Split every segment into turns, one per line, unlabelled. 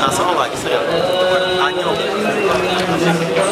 다 성화가 있어요. 아니요.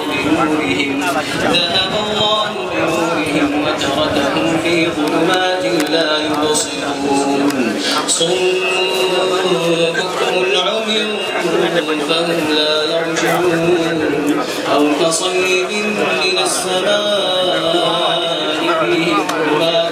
بنورهم ذهب الله بنورهم وتركهم في ظلمات لا يبصرون صم بكم العمي فهم لا يرجعون أو كصيب من السماء
فيه ظلمات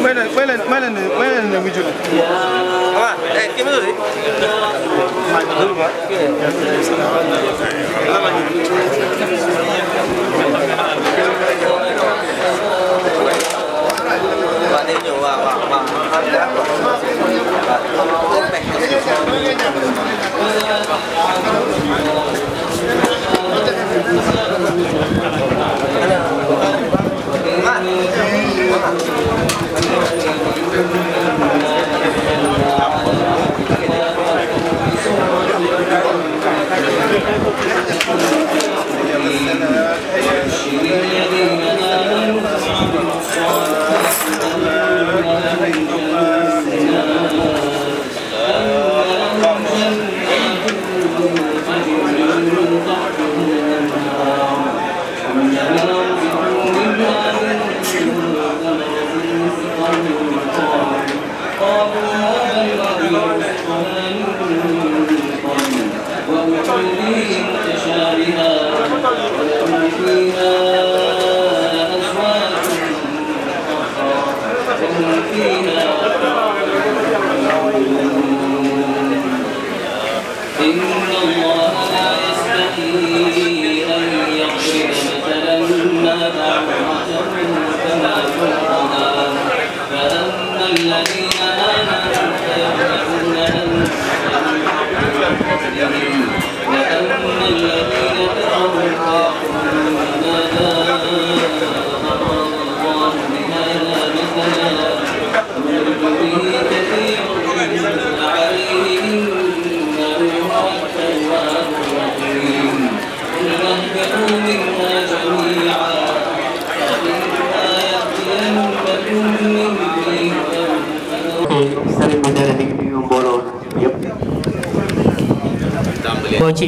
Mwene, mwene, mwene, mwene ne wijou li.
Awa, e, kime do li? Dulu ba? Alama ni. Wane yo wa wa wa. Wane yo wa wa wa.
Wane yo wa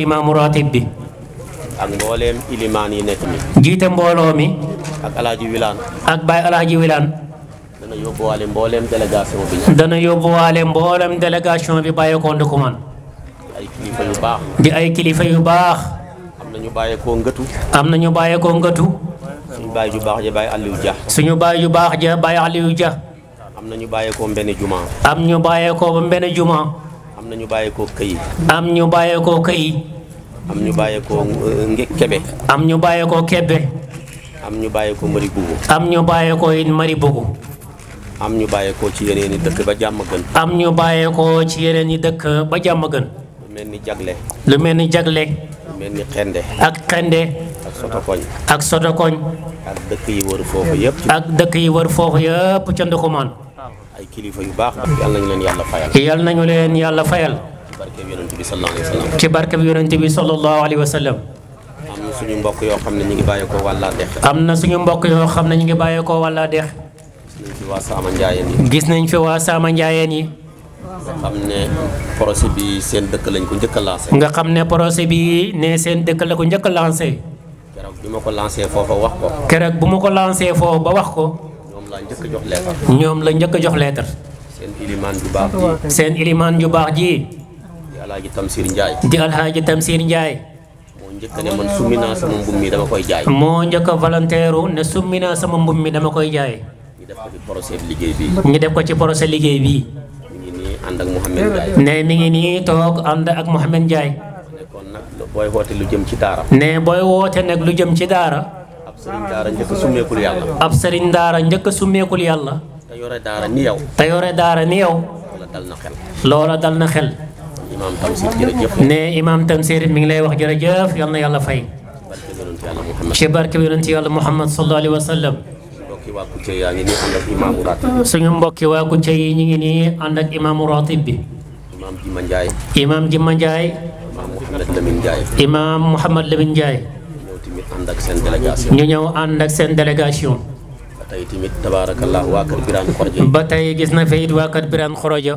lima muratib bi ak mbooleem ilimaan yi nekk mi jiite mbooloo mi ak alaaji wilaan ak baay alaaji wilaan dana yóbbuwaale mbooleem délégation bi dana yóbbuwaale mbooleem délégation bi bàyyeekoo ndukumaan ay kilifa yu baax di ay kilifa yu baax am na ñu bàyyeekoo ngëtu am na ñu bàyyeekoo ngëtu suñu baay ju baax ja baay Aliou Dia suñu baay ju baax ja baay Aliou Dia am na ñu bàyyeekoo mbenn juma am ñu bàyyeekoo ba mbenn juma am na ñu bàyyeekoo këyi am ñu bàyyeekoo këyi am ñu bàyyeekoo euh, Kébé. am ñu bàyyeekoo Kébé. am ñu bàyyeekoo Mari Bugu. am ñu bàyyeekoo it Mari ñu bàyyeekoo ci yeneen i dëkk ba jàmm gën. am ñu bàyyeekoo ci yeneen yi dëkk ba jàmm gën. lu mel ni jagle. lu mel ni jagle. lu mel ni xende. ak xende. ak sotokoñ. ak sotokoñ. ak dëkk yi wër foofu yëpp. ak dëkk yi wër foofu yëpp ca Ndokumaan. ay kilifa yu baax. yal nañu leen yàlla fayal. yal nañu leen yàlla fayal. barkeb yonent bi sallallahu wa sallam. ci barkeb yonent bi sallallahu alayhi wa am na suñu mbokk yoo xam ne ñu ngi bàyyeekoo wàllaa dex. am na suñu mbokk yoo xam ne ñu ngi bàyyeekoo wàllaa dex. gis nañ fi waa Saama yi. gis nañ fi waa Saama Njaayeen yi. nga xam ne projet bi seen dëkk lañ ko njëkk a nga xam ne projet bi ne seen dëkk la ko njëkk a lancé. keroog bi ma ko lancé foofa wax ko. keroog bu ma ko lancé foofa ba wax ko. ñoom la njëkk a jox leetar. ñoom la njëkk a jox leetar. seen ilimaan ju baax ji. alhaji tamsir njay di alhaji tamsir njay mo njëkk ne man sumina sama mbum dama koy jaay mo njëkk volontaire ne sumina sama mbum dama koy jaay ñu def ko ci procès liggéey bi ñu def ko ci procès liggéey bi mi ngi nii ànd ak mohammed njaay ne mi ngi ni tok and ak mohamed njaay kon nag boy wote lu jëm ci dara ne boy wote nak lu jëm ci dara ab serigne dara njëkk summeekul yalla ab serigne dara njëkk summeekul yalla tayore dara ni yow tayore dara ni yow lola dal na xel dal na xel imaam Tamsir jërëjëf. ne imaam Tamsir mi ngi lay wax jërëjëf yal na yàlla fay. ci barke bi yonent yàlla Muhammad sallallahu alayhi wa sallam. suñu mbokki waa Kouthia yi ñu ngi nii ànd ak imaamu ratib bi. imaam Jimma Ndiaye. imaam Jimma Ndiaye. imaam Mouhamed Lamine Ndiaye. imaam Mouhamed Lamine Ndiaye. ñu ñëw ànd ak seen délégation. ba tey tamit tabaarakallah waa kër Birane Khoroja. ba tey gis na fa it waa kër Birane Khoroja.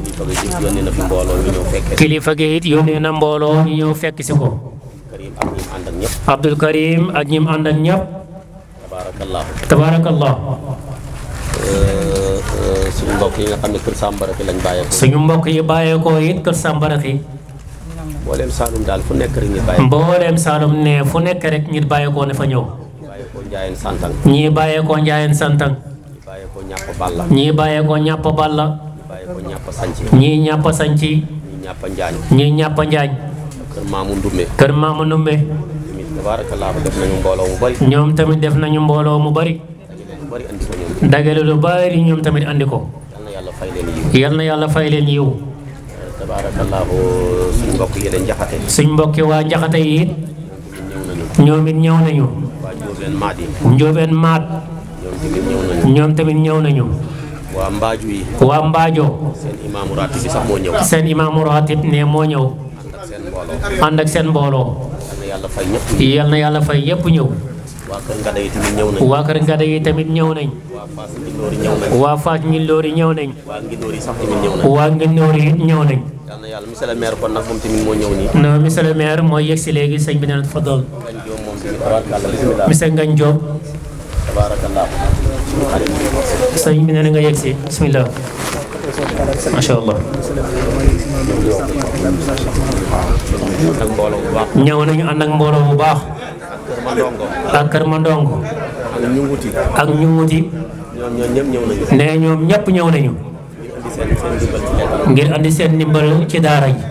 kilifa gi it yónnee na fi mbooloo ñu ñëw gi it na mbooloo ñu fekk si ko. Abdul Karim ak ñi mu ànd ak ñëpp. tabaarakallah tabaarakallah. Euh, euh, suñu mbokk yi nga xam ne kër Sambara fi lañ bàyyeekoo. suñu mbokk yi bàyyeekoo it kër Sambara fi. mbooleem Saalum daal fu nekk rek ñu bàyyeekoo. mbooleem Saalum ne fu nekk rek ñu bàyyeekoo ne fa ñëw. bàyyeekoo Ñàpp Balla. ñii bàyyeekoo Ñàpp Balla. ñii ñàpp sanci ñii ñàpp njaañ kër maamu ndumbe kër tamit def nañu mbolo mu bari dagale lu bari ñom tamit andi ko yalla na fay leen yiw eh, tabarakallahu suñ mbokk yi leen jaxate suñ mbokk wa jaxate yi ñom nit ñew nañu ñoben mat ñom tamit ñew nañu waa Wambajo, Sen Imam mbaajo seen imaamu ratib sax moo ñëw Sen Bolo, ratib ne moo ñëw ànd ak seen mbooloo yal na yàlla fay ñëpp ñëw waa kër ngada yi tamit ñëw nañ waa kër ngada yi tamit ñëw nañ waa faas ñi loori ñëw nañ waa ngindoori sax tamit ñëw nañ waa ngindoori ñëw nañ yàlla yàlla monsieur maire kon nag moom tamit moo ñëw nii non monsieur le maire moo yegg si léegi sëñ bi neen fadal monsieur Ngagne Diop tabarakallah sëñ bi nee na nga yegg si bisimilah macha allah. ñëw nañu ànd ak mbooloo bu baax. ak kër Mandongo. ak ñu wuti. ne ñoom ñëpp ñëw nañu. ngir andi seen ndimbal ci daara ji.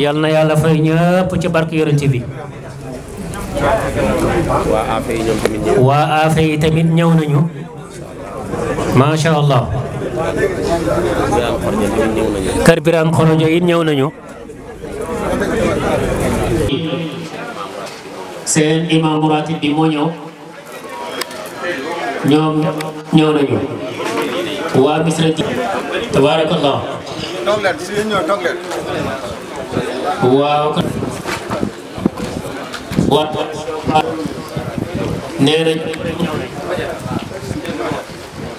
yal na yàlla fay ñëpp ci barke yonent bi. wa afi tamit ñëw waa ma sha allah kër Birame Khorodio it ñëw nañu sen imam ratib bi moo ñëw wa ñëw nañu waa misra tabarakallah wa nee na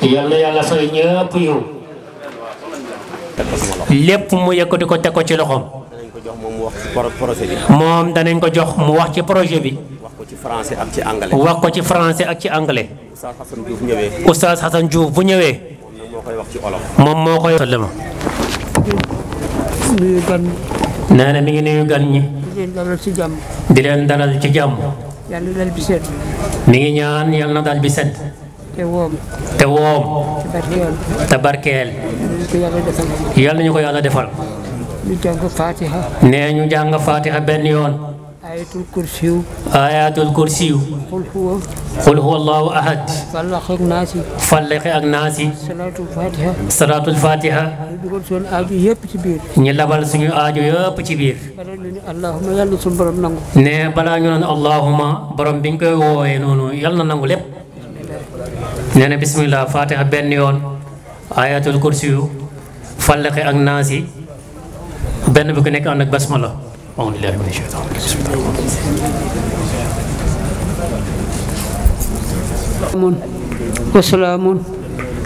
yal na yàlla fay ñëpp mu yëkkati ko teg ko ci loxoom moom danañ ko jox mu wax ci projet bi wax ko ci français ak ci anglais wax ko ci bu koy wax ci olof koy nee na mi ngi nuyu gan ñi. di leen dalal ci jàmm.
di leen bi sedd.
mi ngi ñaan yàlla na dal bi sedd. te woom. te woom. te barkeel. yàlla na ñu ko yàlla defal.
ñu jàng faatiha.
nee ñu jàng faatiha benn yoon.
آية الكرسي
آيات الكرسي قل هو قل هو الله أحد فلق الناس فلق الناس
صلاة الفاتحة
صلاة الفاتحة
dugal suñu aaju yëpp ci biir
ñu labal suñu aaju yëpp ci biir
allahuma yàlla suñu borom nangu
ne balaa ñu naan allahuma borom biñ koy woowee noonu yàlla na nangu lépp nee na bismillah fatiha benn yoon ayatul kursi yu fallaqi ak naasi benn bu ko nekk ànd ak basmala أعوذ بالله من الشيطان
الرجيم وسلام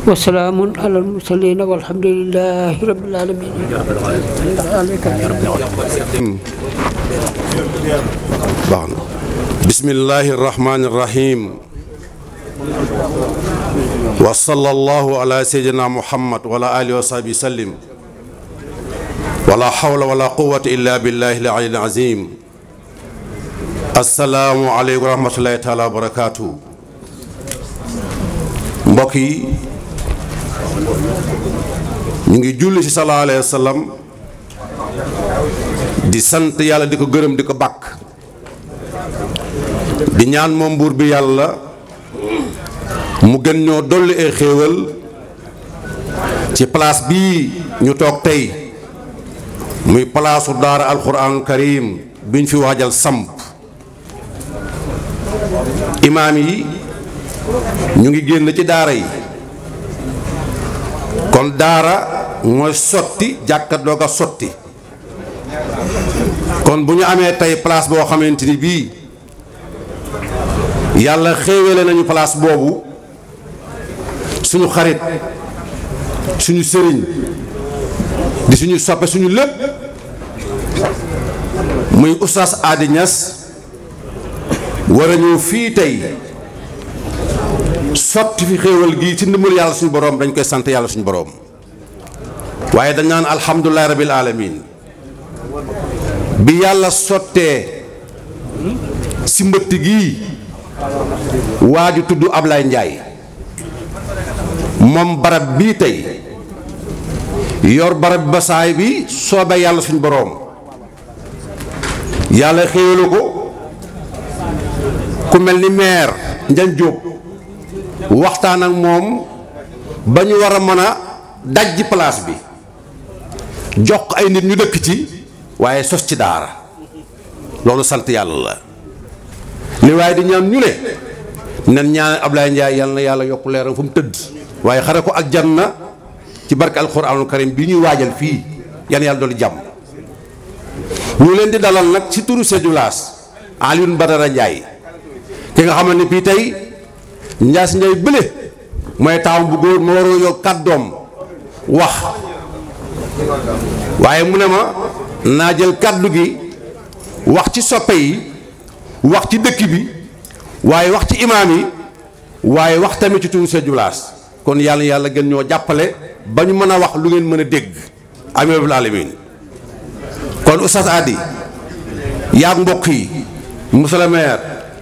وسلام على المرسلين والحمد لله رب العالمين
بسم الله الرحمن الرحيم وصلى الله على سيدنا محمد وعلى آله وصحبه وسلم ولا حول ولا قوة إلا بالله العلي العظيم السلام عليكم ورحمة الله تعالى وبركاته مبكي نيجي جولي صلى الله عليه وسلم di sant yàlla di ko gërëm di ko bàkk di ñaan moom buur bi yàlla mu gën ñoo dolli ay xéewal ci place bii ñu toog tey muy palaasu daara alxuraan karim bi ñu fi waajal samp imaam yi ñu ngi génn ci daara yi kon daara mooy sotti jàkka doog sotti kon bu ñu amee tey place boo xamante ni bii yàlla xéewale nañu palaas boobu suñu xarit suñu sëriñ di suñu soppé suñu lepp muy oustaz Adi ñass war a ñëw fii tey fi xewal gi ci ndimul yalla suñu borom dañ koy sante yalla suñu borom waye dañ nan alhamdullahi rabbil alamin bi yalla sottee si mbëtt gii waa ju tudd Ablaye Ndiaye barab bi tay yor barab ba say bi soobe yalla suñ borom yalla xéewalu ko ku melni mer maire job jóob waxtaan ak mom bañu wara mëna dajj place bi jox ay nit ñu dëkk ci waye sos ci daara lolu sant yalla la li way di ñaan ñu ne ñaan Ablaye yalla na fu mu waye xara ko ak janna ci barke alquranul karim bi ñuy waajal fi, yalla yalla doolu jam ñu leen di dalal nak ci turu sedulaas aliun Badara Ndiaye ki nga xamanteni bi tay tey Ndiass bele moy taw bu goor mo waro yor kaddom wax waye mu ne ma na jël kaddu gi wax ci soppe yi wax ci dekk bi waye wax ci imam yi waye wax tamit ci turu kon yalla yalla gën ñoo jappalé ba ñu mën a wax lu ngeen mën a dégg amee rabbil alamin kon oustaz Hady yaa mbokk yi monsieur le ñu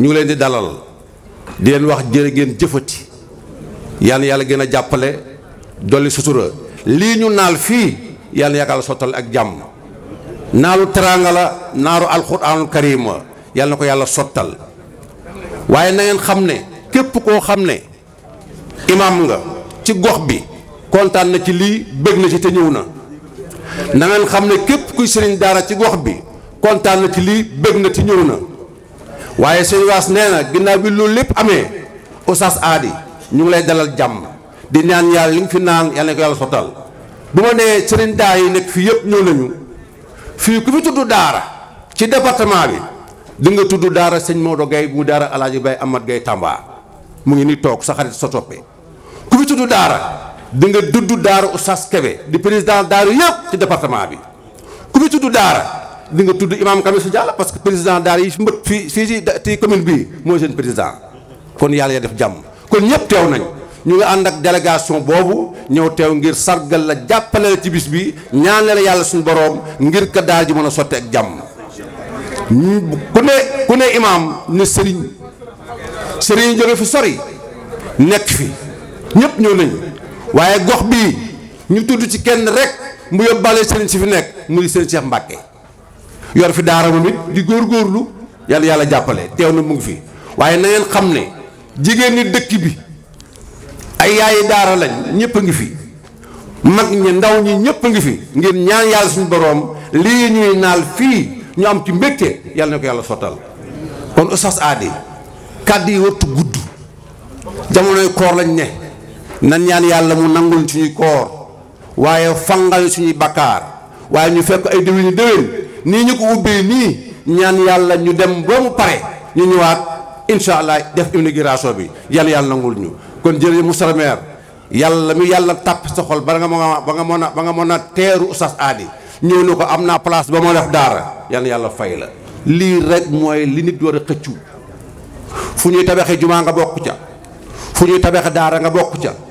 ngi leen di dalal di leen wax jërë ngeen jëfati yal na yàlla gën a jàppale dolli sutura lii ñu naal fii yal na yàlla sottal ak jàmm naalu teraanga la naaru alxuraanul karima yal na ko yàlla sottal waaye na xam ne képp koo xam ne imaam nga ci gox bi kontaan na ci lii bëgg na ci te ñëw na na xam ne képp kuy sëriñ daara ci gox bi kontaan na ci lii bëgg na ci ñëw na waaye sëñ waas nee na ginnaaw bi loolu lépp amee oustaz aadi ñu ngi lay dalal jàmm di naan yàlla li nga fi naan yàlla na ko yàlla sottal bu yi nekk fii yëpp ñëw nañu fii ku fi tudd daara ci département bi di nga tudd daara sëñ Maodo Gaye mu daara alaaji Baye Amad gay Tamba mu ngi ni toog sa xarit sa toppe ku fi tudd daara di nga daar Daara Oustaz Kébé di président Daara yëpp ci département bi ku fi tudd Daara di nga tudd Imaam Kamisu Diallo parce que président Daara yi mbët fii fii ci ci commune bii mooy seen président kon yàlla ya def jàmm kon ñëpp teew nañ ñu ngi ànd ak délégation boobu ñëw teew ngir sargal la jàppale la ci bis bi ñaanale la yàlla suñ boroom ngir ka daara ji mën a sotti ak jàmm ku ne ku ne Imaam ne Serigne Serigne jóge fi sori nekk fi ñëpp ñëw nañ. waaye gox bii ñu tudd ci kenn rek mu yóbbaale sëriñ si fi nekk mu di sëriñ Cheikh Mbacke yor fi daara moom it di góor góorlu yàlla yàlla jàppale teew na mu ngi fi waaye na xam ne jigéen ñi dëkk bi ay yaayi daara lañ ñëpp a ngi fi mag ñi ndaw ñi ñëpp a ngi fi ngir ñaan yàlla suñu boroom lii ñuy naal fii ñu am ci mbégte yàlla na ko yàlla sottal kon Oustaz Ady kàddu yi wartu gudd jamonoy koor lañ ne. nan ñaan yalla mu nangul suñu koor waye fangal suñu bakar waye ñu fekk ay déwéni déwén ni ñu ko ubbe ni ñaan yalla ñu dem bo mu pare ñu ñëwaat insha allah def immigration bi yalla yalla nangul ñu kon jërëjëf monsieur maire yalla mi yalla tap sa xol ba nga mo ba nga mo na ba nga mo na teeru usas ali ñew ne ko am place ba mo def dara yalla yalla fay la li rek moy li nit wara xëccu fu ñuy tabaxé juma nga bokku ca fu ñuy tabaxé dara nga bokku ca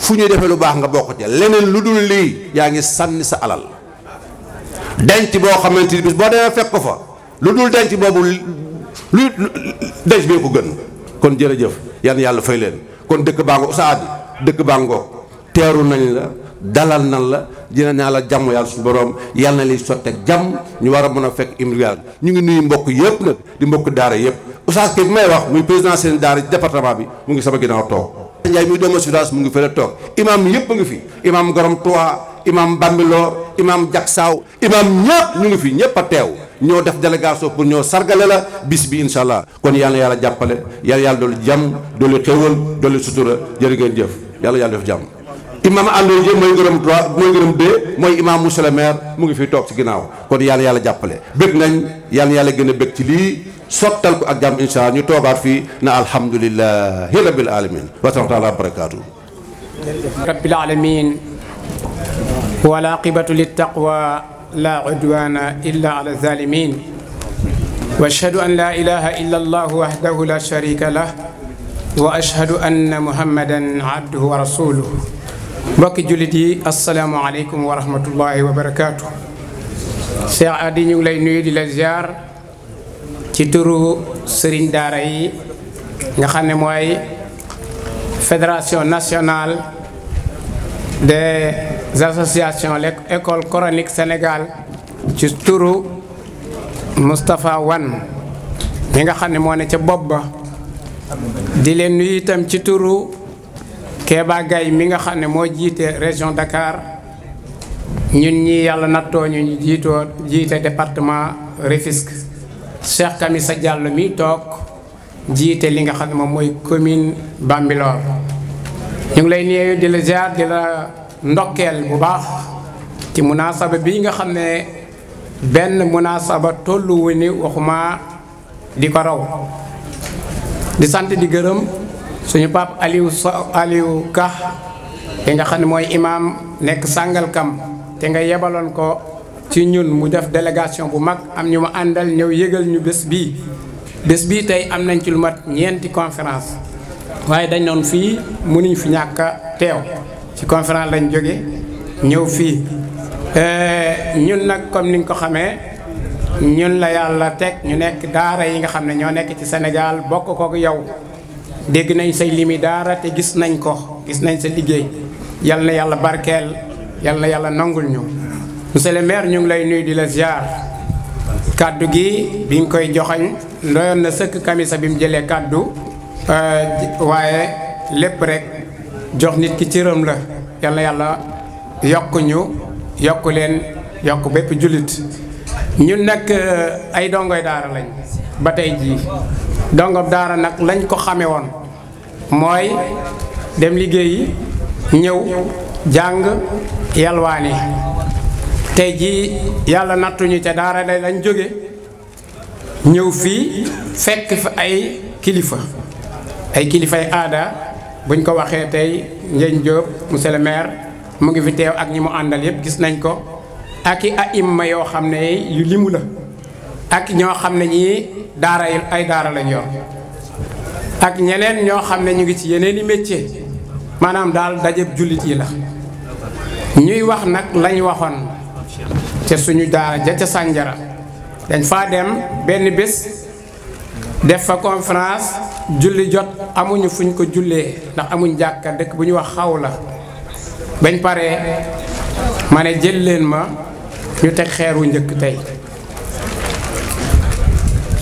fu ñu defee lu baax nga bokk ca leneen lu dul lii yaa ngi sànni sa alal denc boo xamante ni bis boo demee fekk ko fa lu dul denc boobu lu denc bee ko gën kon jërëjëf yan yàlla fay leen kon dëkk baa ngo Saadi dëkk baa ngo teeru nañ la dalal nan la dina naa la jàmm yàlla suñu borom yàlla na liy sotteeg jàmm ñu war a mun a fekk imri ñu ngi nuyu mbokk yëpp nag di mbokk daara yëpp oustaz ke bi may wax muy président seen daara ci bi mu ngi sama ginnaaw Ndiaye muy doomu Sudaas mu ngi fële toog imaam yëpp a ngi fi imaam Gorom Trois imaam Bambilor imaam Jaksaaw imaam ñëpp ñu ngi fi ñëpp a teew ñoo def délégation pour ñoo sargale la bis bi incha allah kon yàlla yàlla jàppale yàlla yàlla doolu jàmm doolu xéwal doolu sutura jërë ngeen jëf yàlla yàlla def jàmm. imaam àndoon yëpp mooy ngërëm trois mooy ngërëm deux mooy imaam monsieur le mu ngi fi toog ci ginnaaw kon yàlla yàlla jàppale bëgg nañ yàlla yàlla gën a sottal ko ak jàmm incha allah ñu toogaat fii na alhamdulilahi rabbil alamin wa taala barakaatu
rabbil alamin wala aqibatu littaqwa la udwana illa ala zalimin واشهد ان لا اله الا الله وحده لا شريك له واشهد ان محمدا عبده ورسوله mbokki jullit yi asalaamaaleykum wa rahmatullahi wa barakaatu Cheikh Adi ñu ngi lay nuyu di la ziar Chituru turu sëriñ yi fédération nationale des associations l'école coranique Sénégal ci turu Wan mi nga xam ne moo ne ca ba di ci turu région Dakar ñun ñi yàlla nattoo ñu département Rufisque Cheikh Kamisa jàll mi toog jiite li nga xam ne moom mooy commune Bambilor ñu ngi lay nuyu di la ziar di la ndokkeel bu baax ci munaasaba bi nga xam ne benn munaasaba tolluwu ni waxuma di ko raw di sant di gërëm suñu pap Aliou so Aliou Ka te nga xam ne mooy imaam nekk sàngal kam te nga yebaloon ko ci ñun mu def délégation bu mag am ñu ma àndal ñëw yëgal ñu bés bii bés bii tey am nañ ci lu mat ñeenti conférence waaye dañ doon fii mu mënuñ fi ñàkk a teew ci conférence lañ jóge ñëw fii euh, ñun nag comme ni nga ko xamee ñun la yàlla teg ñu nekk daara yi nga xam ne ñoo nekk ci Sénégal bokk kook yow dégg nañ say limi daara te gis nañ ko gis nañ sa liggéey yal na yàlla barkeel yal na yàlla nangul ñu monsieur le maire ñu ngi lay nuyu di la ziar kàddu gi bi ñu koy joxañ ndoyoon na sëkk kamisa bi mu jëlee kàddu euh, waaye lépp rek jox nit ki cëram la yàlla yàlla yokk ñu yokk leen yokk bépp jullit ñun nag euh, ay dongoy daara lañ ba tey jii dongo daara nag lañ ko xame woon mooy dem liggéeyi ñëw jàng yalwaani tey jii yàlla nattuñu ca daara lañ jóge ñëw fii fekk fi ay kilifa ay kilifay aada buñ ko waxee tey Ndiagne Diop monsieur maire mu ngi fi teew ak ñi mu àndal yépp gis nañ ko ak i aimma yoo xam ne yu limu la ak ñoo xam ne ñii daara ay daara lañ yor ak ñeneen ñoo xam ne ñu ngi ci yeneen i métier maanaam daal dajëb jullit yi la ñuy wax nag lañ waxoon ca suñu daara ja ca sànjara dañ faa dem def fa conférence julli jot amuñu fuñ ko jullee ndax amuñ jakka dëkk bu ñu wax xaw la bañ paree ma ne jël leen ma ñu teg xeeru njëkk tey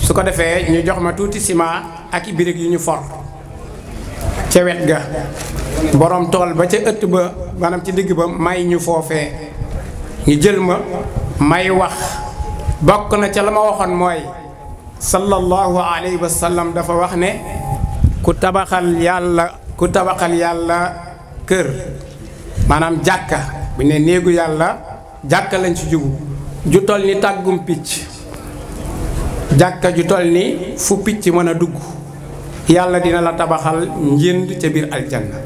su ko ñu jox ma tuuti ak yu ñu for wet ga borom tol ba ca ëtt ba maanaam ci digg ba may ñu ñu jël ma may wax bokk na ca la ma waxoon mooy sallallahu alayhi wa sallam dafa wax ne ku tabaxal yàlla ku tabaxal yàlla kër maanaam jàkka bu ne néegu yàlla jàkka lañ ci jugu ju toll ni tàggum picc jàkka ju toll ni fu picc mën a dugg yàlla dina la tabaxal njënd ca biir aljanna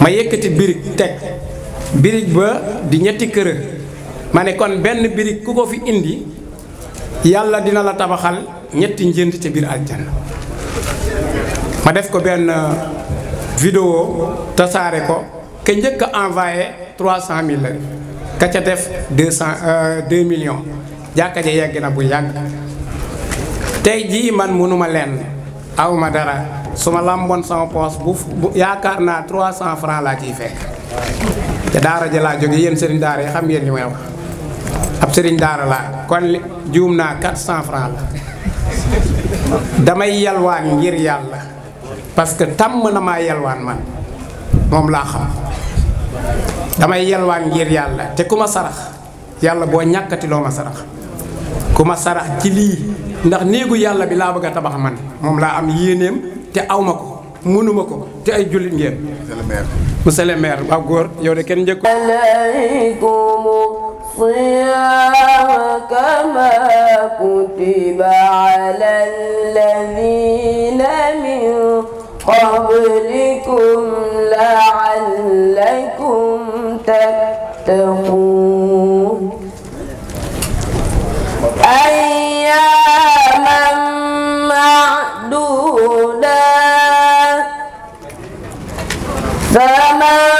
ma yëkkati birig teg birig ba di ñetti kër mané kon benn birik ku ko fi indi yàlla dina la tabaxal ñetti njënd ci biir aljanna ma def ko benn euh, vidéo tasaare ko ke njëkk a 300000 la ka ca def 200 2 euh, millions jàkka ja yegg na bu yàgg tey jii man mënuma lenn aw ma dara suma lambon sama pos bu yaakaar naa 300 francs laa ciy fekk te daara ja laa jóge yéen sëriñ daara yi xam ngeen li may wax ab serigne dara la kon djumna 400 francs la damay yalwan ngir yalla parce que tam na ma yalwan man mom la xam damay yalwan ngir yalla te kuma sarax yalla bo ñakati nak ma sarax kuma sarax ci li ndax neegu yalla bi la bëgg tabax man mom la am yeneem te awmako munumako te ay jullit ngeen monsieur le maire monsieur le maire wa gor yow de ken
الصيام كما كتب على الذين من قبلكم لعلكم تتقون أياما معدودا فمن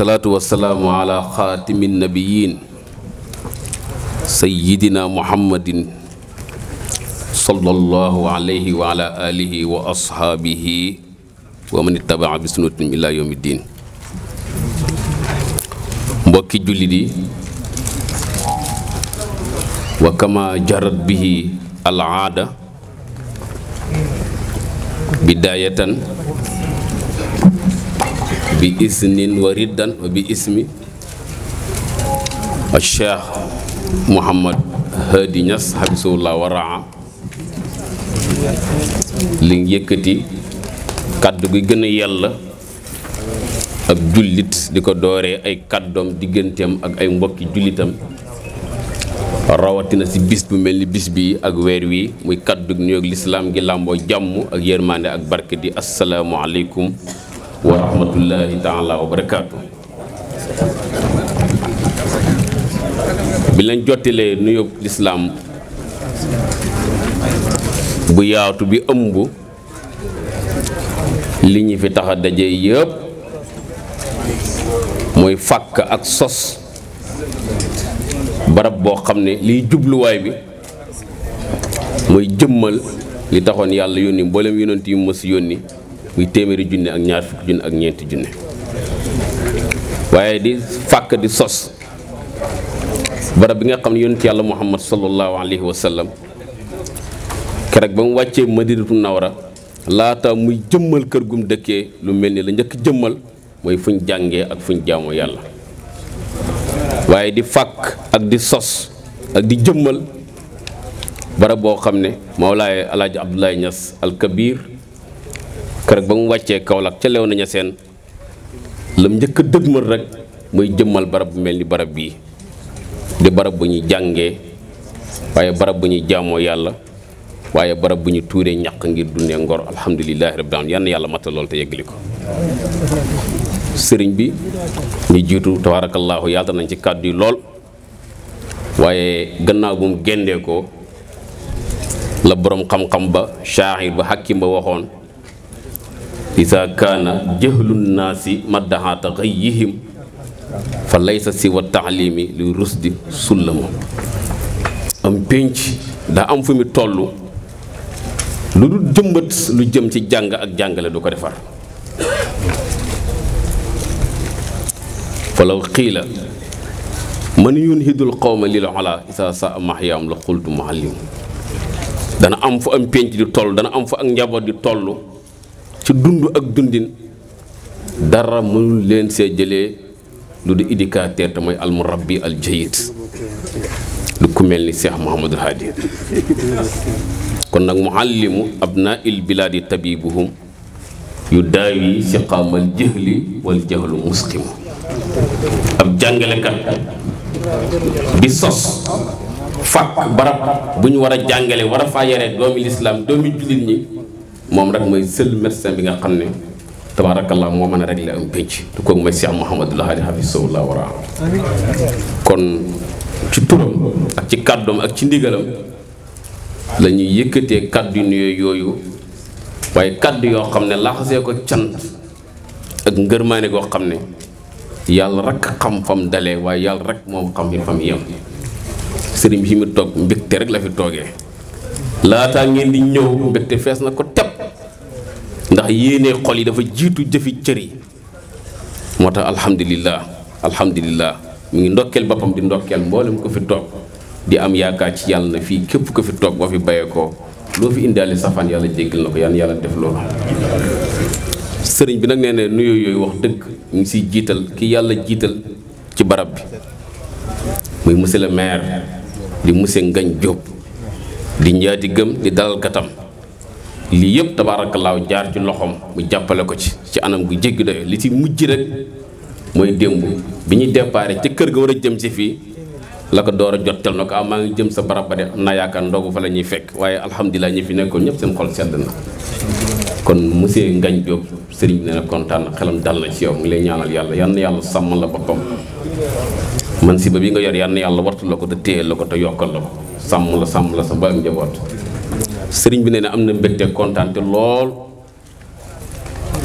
والصلاه والسلام على خاتم النبيين سيدنا محمد صلى الله عليه وعلى اله واصحابه ومن اتبع بسنه الى يوم الدين مبكي جليدي وكما جرت به العاده بدايه bi isnin wa riddan wa bi ismi al cheikh Mouhamad Hadi Niass habisahullah wa raa li yëkkati kàddu gi gën a yàlla ak jullit di ko dooree ay kàddoom digganteem ak ay mbokki jullitam rawatina ci bis bu mel ni bis bii ak weer wii muy kàddu gi nuyoog lislaam gi làmboo jàmm ak yërmande ak barke di asalaamualeykum wa rahmatullahi taala wa barakaatu bi lañ jottilee nuyób lislaam bu yaatu bi ëmb li ñu fi taxa a daje yëpp mooy fàkk ak sos barab boo xam ne liy jubluwaay bi mooy jëmmal li taxoon yàlla yónni mboolem yonent yi mës yónni muy téeméeri junne ak ñaar fukki junne ak ñeenti junne waaye di fàkk di sos barab bi nga xam ne yonent yàlla muhammad sallallahu alayhi wa sallam keroog ba mu wàccee madinatu nawra laata muy jëmmal kër gum dëkkee lu mel ni la njëkk jëmmal mooy fuñ jàngee ak fuñ jaamoo yàlla waaye di fàkk sos ak di jëmmal barab boo xam ne Mawlaay Alaaji Abdoulaye Niass al keroog ba mu wàccee Kaolack ca lew naña seen lam njëkk rek muy jëmmal barab bu mel ni barab bii di barab bu ñuy jàngee waaye barab bu ñuy jaamoo yàlla waaye barab bu ñu tuuree ñaq ngir dundee ngor alhamdulilahi rabbil alamin yal yàlla matal lool te yeggali ko sëriñ bi ñu jiitu tabaarakallaahu yaata nañ ci kàddu yi lool waaye gannaaw bu mu géndee ko la borom xam-xam ba shaahir ba hakim ba waxoon إذا كان جهل الناس مدها تغيهم فليس سوى التعليم لرشد سلم am pénc daa am fu mu toll lu dul jëmbat lu jëm ci jàng ak jàngale du ko defar falaw xiila man yunhidul qawma lil ala isa sa mahyaam la xultu muallim dana am fu am pénc di toll dana am fu ak njaboot di toll ci dundu ak dundin dara mënul leen sé jëlé lu di éducateur te mooy almurabbi al jayyid du ku melni ni Cheikh Mouhamadul Hadi kon nak muallimu abna al bilad tabibuhum yudawi siqam al jëhli wal jahlu musqim ab jangale kat
bi sos
fak barab bu wara jàngale wara fa faa yare doomi lislaam doomi jullit ñi moom rek mooy seul médecin bi nga xam ne tabaarakallah moo mën a régler am pénc te kooku mooy la Mouhamadul Haadi hafisahullah la raa kon ci turam ak ci kàddoom ak ci ndigalam la ñuy yëkkatee kàddu nuyoo yooyu waaye kàddu yoo xam ne laaxasee ko can ak ngërmaane goo xam ne yàlla rek xam fam dalee waaye yàlla rek moom xam fi fam yem sëriñ bi fi mu toog mbégte rek la fi toogee laataa ngeen di ñëw mbégte fees na ko ndax yéene xol yi dafa jiitu jëfi cër yi moo tax alhamdulillah alhamdulillah mu ngi ndokkeel boppam di ndokkeel mboolem ko fi toog di am yaakaar ci yàlla na fii képp ko fi toog boo fi bayee ko loo fi indaale safaan yàlla jéggal na ko yàlla yàlla def loolu sëriñ bi nag nee na nuyoo yooyu wax dëgg mu ngi siy jiital ki yàlla jiital ci barab bi muy monsieur le maire di monsieur Ngagne Diop di njaati gëm di dalal katam li yeb tabarakallah jaar ci loxom bu jappale ko ci ci anam gu jegg doyo li ci mujj rek moy dembu biñu ñuy déparé ci kër ga wara jëm ci fi la ko doora a nako na ko ah, ngi jëm sa barab de na naa yaakaar ndogu fa lañuy fekk waye alhamdullilah ñi fi nekkoon ñep seen xol sedd na kon monsieur ngañ Diop serigne ne contane xelam dal na ci yow ngi lay ñaanal yalla yan yalla sam la boppam man si ba bi nga yor yan yàlla wartu lako ko te teyel lako ko te yokal lako sam la sam la sa ba jabot sëriñ bi nee ni am na mbégte kontaan te lool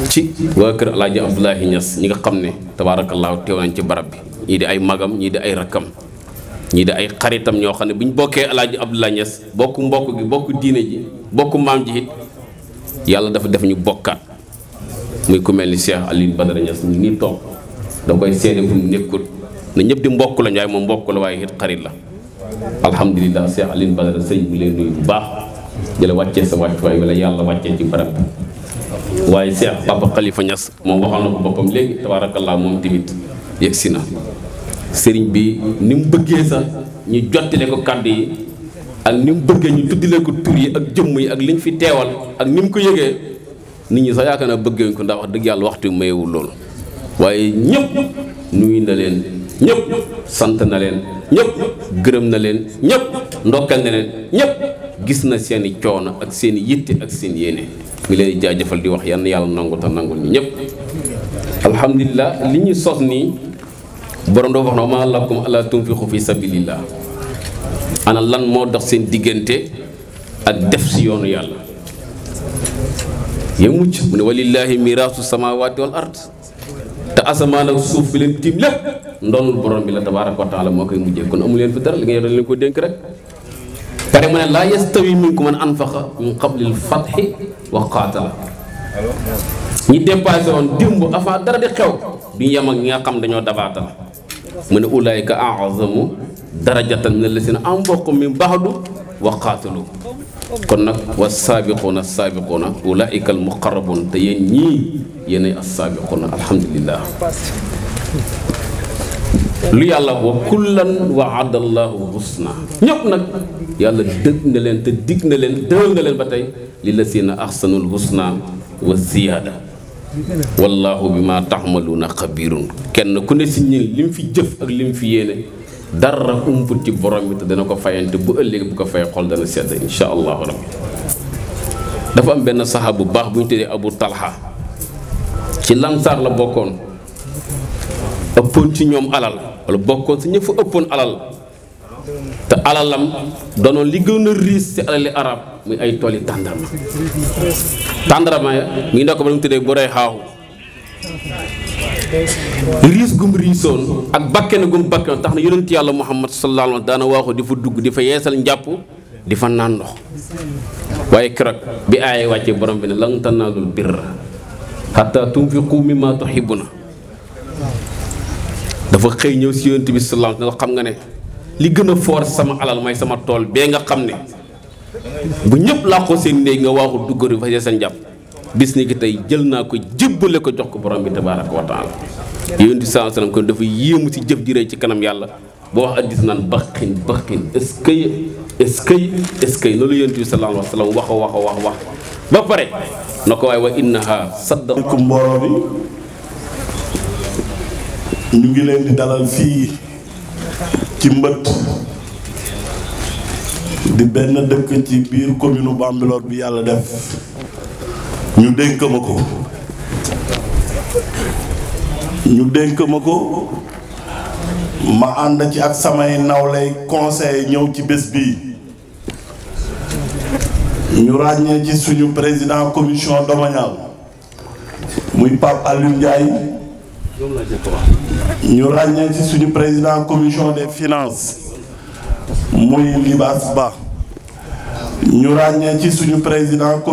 ci waa kër Alaaji Abdoulahi Niass ñi nga xam ne tabaarakallaahu teew nañ ci barab bi ñii di ay magam ñii di ay rakkam ñii di ay xaritam ñoo xam ne bu ñu bokkee Alaaji Abdoulahi Niass bokk mbokk gi bokk diine ji bokku maam ji it yàlla dafa def ñu bokkaat muy ku mel ni Cheikh Alioune Badara Niass ñu nii toog da koy seede fu mu nekkul na ñëpp di mbokk la njaay moom mbokk la waaye it xarit la alhamdulilah Cheikh Alioune Badara sëñ leen bu baax di la wàccee sa wàccuwaay wala yàlla wàccee ci barab waaye Cheikh Papa Khalifa Niass moom waxal na ko boppam léegi tabaarakallaa moom tamit yegg si na sëriñ bi ni mu bëggee sax ñu jottile ko kàdd yi ak ni mu bëggee ñu tuddile ko tur yi ak jëmm yi ak liñ fi teewal ak ni mu ko yëgee nit ñi sax yaakaar naa bëggee ko ndax wax dëgg yàlla waxtu mayewul loolu waaye ñëpp nuyu na leen ñëpp sant na leen ñëpp gërëm na leen ñëpp ndokkal na leen ñëpp gis na seeni coono ak seen yitte ak seen yene mi lay jaajëfal di wax yan yalla nangu ta nangul ñu ñep alhamdullilah li ñu sos borom do wax na ma lakum ala tunfiqu fi sabilillah ana lan mo dox seen digeunte ak def ci yoonu yalla ye ya mucc mun walillahi mirasu samawati wal ard ta asmana suuf fi leen tiim ndonul borom bi la tabaaraku taala mo koy mujjé kon amu fi dara li nga ko denk rek بعدين من لا يستوي منكم من أنفق من قبل الفتح وقاتل نيدم بايزون ديمبو أفا درد خيو بي يمك نيا قم دنيو دباتل من أولئك أعظم درجة من الذين أنفقوا من بعد وقاتلوا كنا والسابقون السابقون أولئك المقربون تيني يني السابقون الحمد لله li yalla wa kullan wa'ada allah husna ñep nak yalla degg na len te dig na len deug na len batay lil ladina ahsanul husna wa ziyada والله بما تحملون خبير كن كون سي ني ليم في جيف اك ليم في يينه دار ام بوتي بروم تي دنا كو فاينت بو الليغ بو كو فاي خول دنا سيد ان شاء الله رب دا فا ام بن صحابه باخ بو تيري ابو طلحه سي لانصار لا بوكون ëppoon ci ñoom alal wala bokkoon si ñëpp fa ëppoon alal te alalam doonoon li gën riis si alali arab muy ay tool yi tàndarma tàndarma ya mu ngi nekk ba mu tëddee bu rey xaaxu riis gum riisoon ak bakken gum bakken tax na yonent yàlla muhammad sallallahu alayhi wa daana waaxu di fa dugg di fa yeesal njàpp di fa naan ndox waaye keroog bi aaya wàccee borom bi ne lan tanaalul birra xataa tunfiqu mimma tuhibbuna dafa xëy ñëw si yonent bi sallallahu alayhi xam nga ne li gën a foor sama alal may sama tool bee nga xam ne bu ñëpp làqoo seen néeg nga waaxu duggari fa seen jàpp bis ni tey jël naa ko jébbale ko jox ko borom bi tabaaraka wa taala yonent bi sallallahu alayhi wasallam kon dafa yéemu si jëf ji rëy ci kanam yàlla boo wax addis naan baxin baxin est-ce que est-ce que loolu yonent bi sallallahu alayhi wax wax wax wax ba pare na ko waaye wa innaha sadda
mbooloo bi ñu ngi leen di dalal fii ci mbët di benn dëkk ci biir commune Bambilor bi yàlla def ñu dénk ma ko ñu dénk ma ko ma ànd ci ak samay nawlay conseil ñëw ci bés bii ñu ràññee ci suñu président commission domaniale muy Pape Aliou ñu ràññee ci suñu président commission des finances muy Libaas Ba ñu ràññee ci suñu président de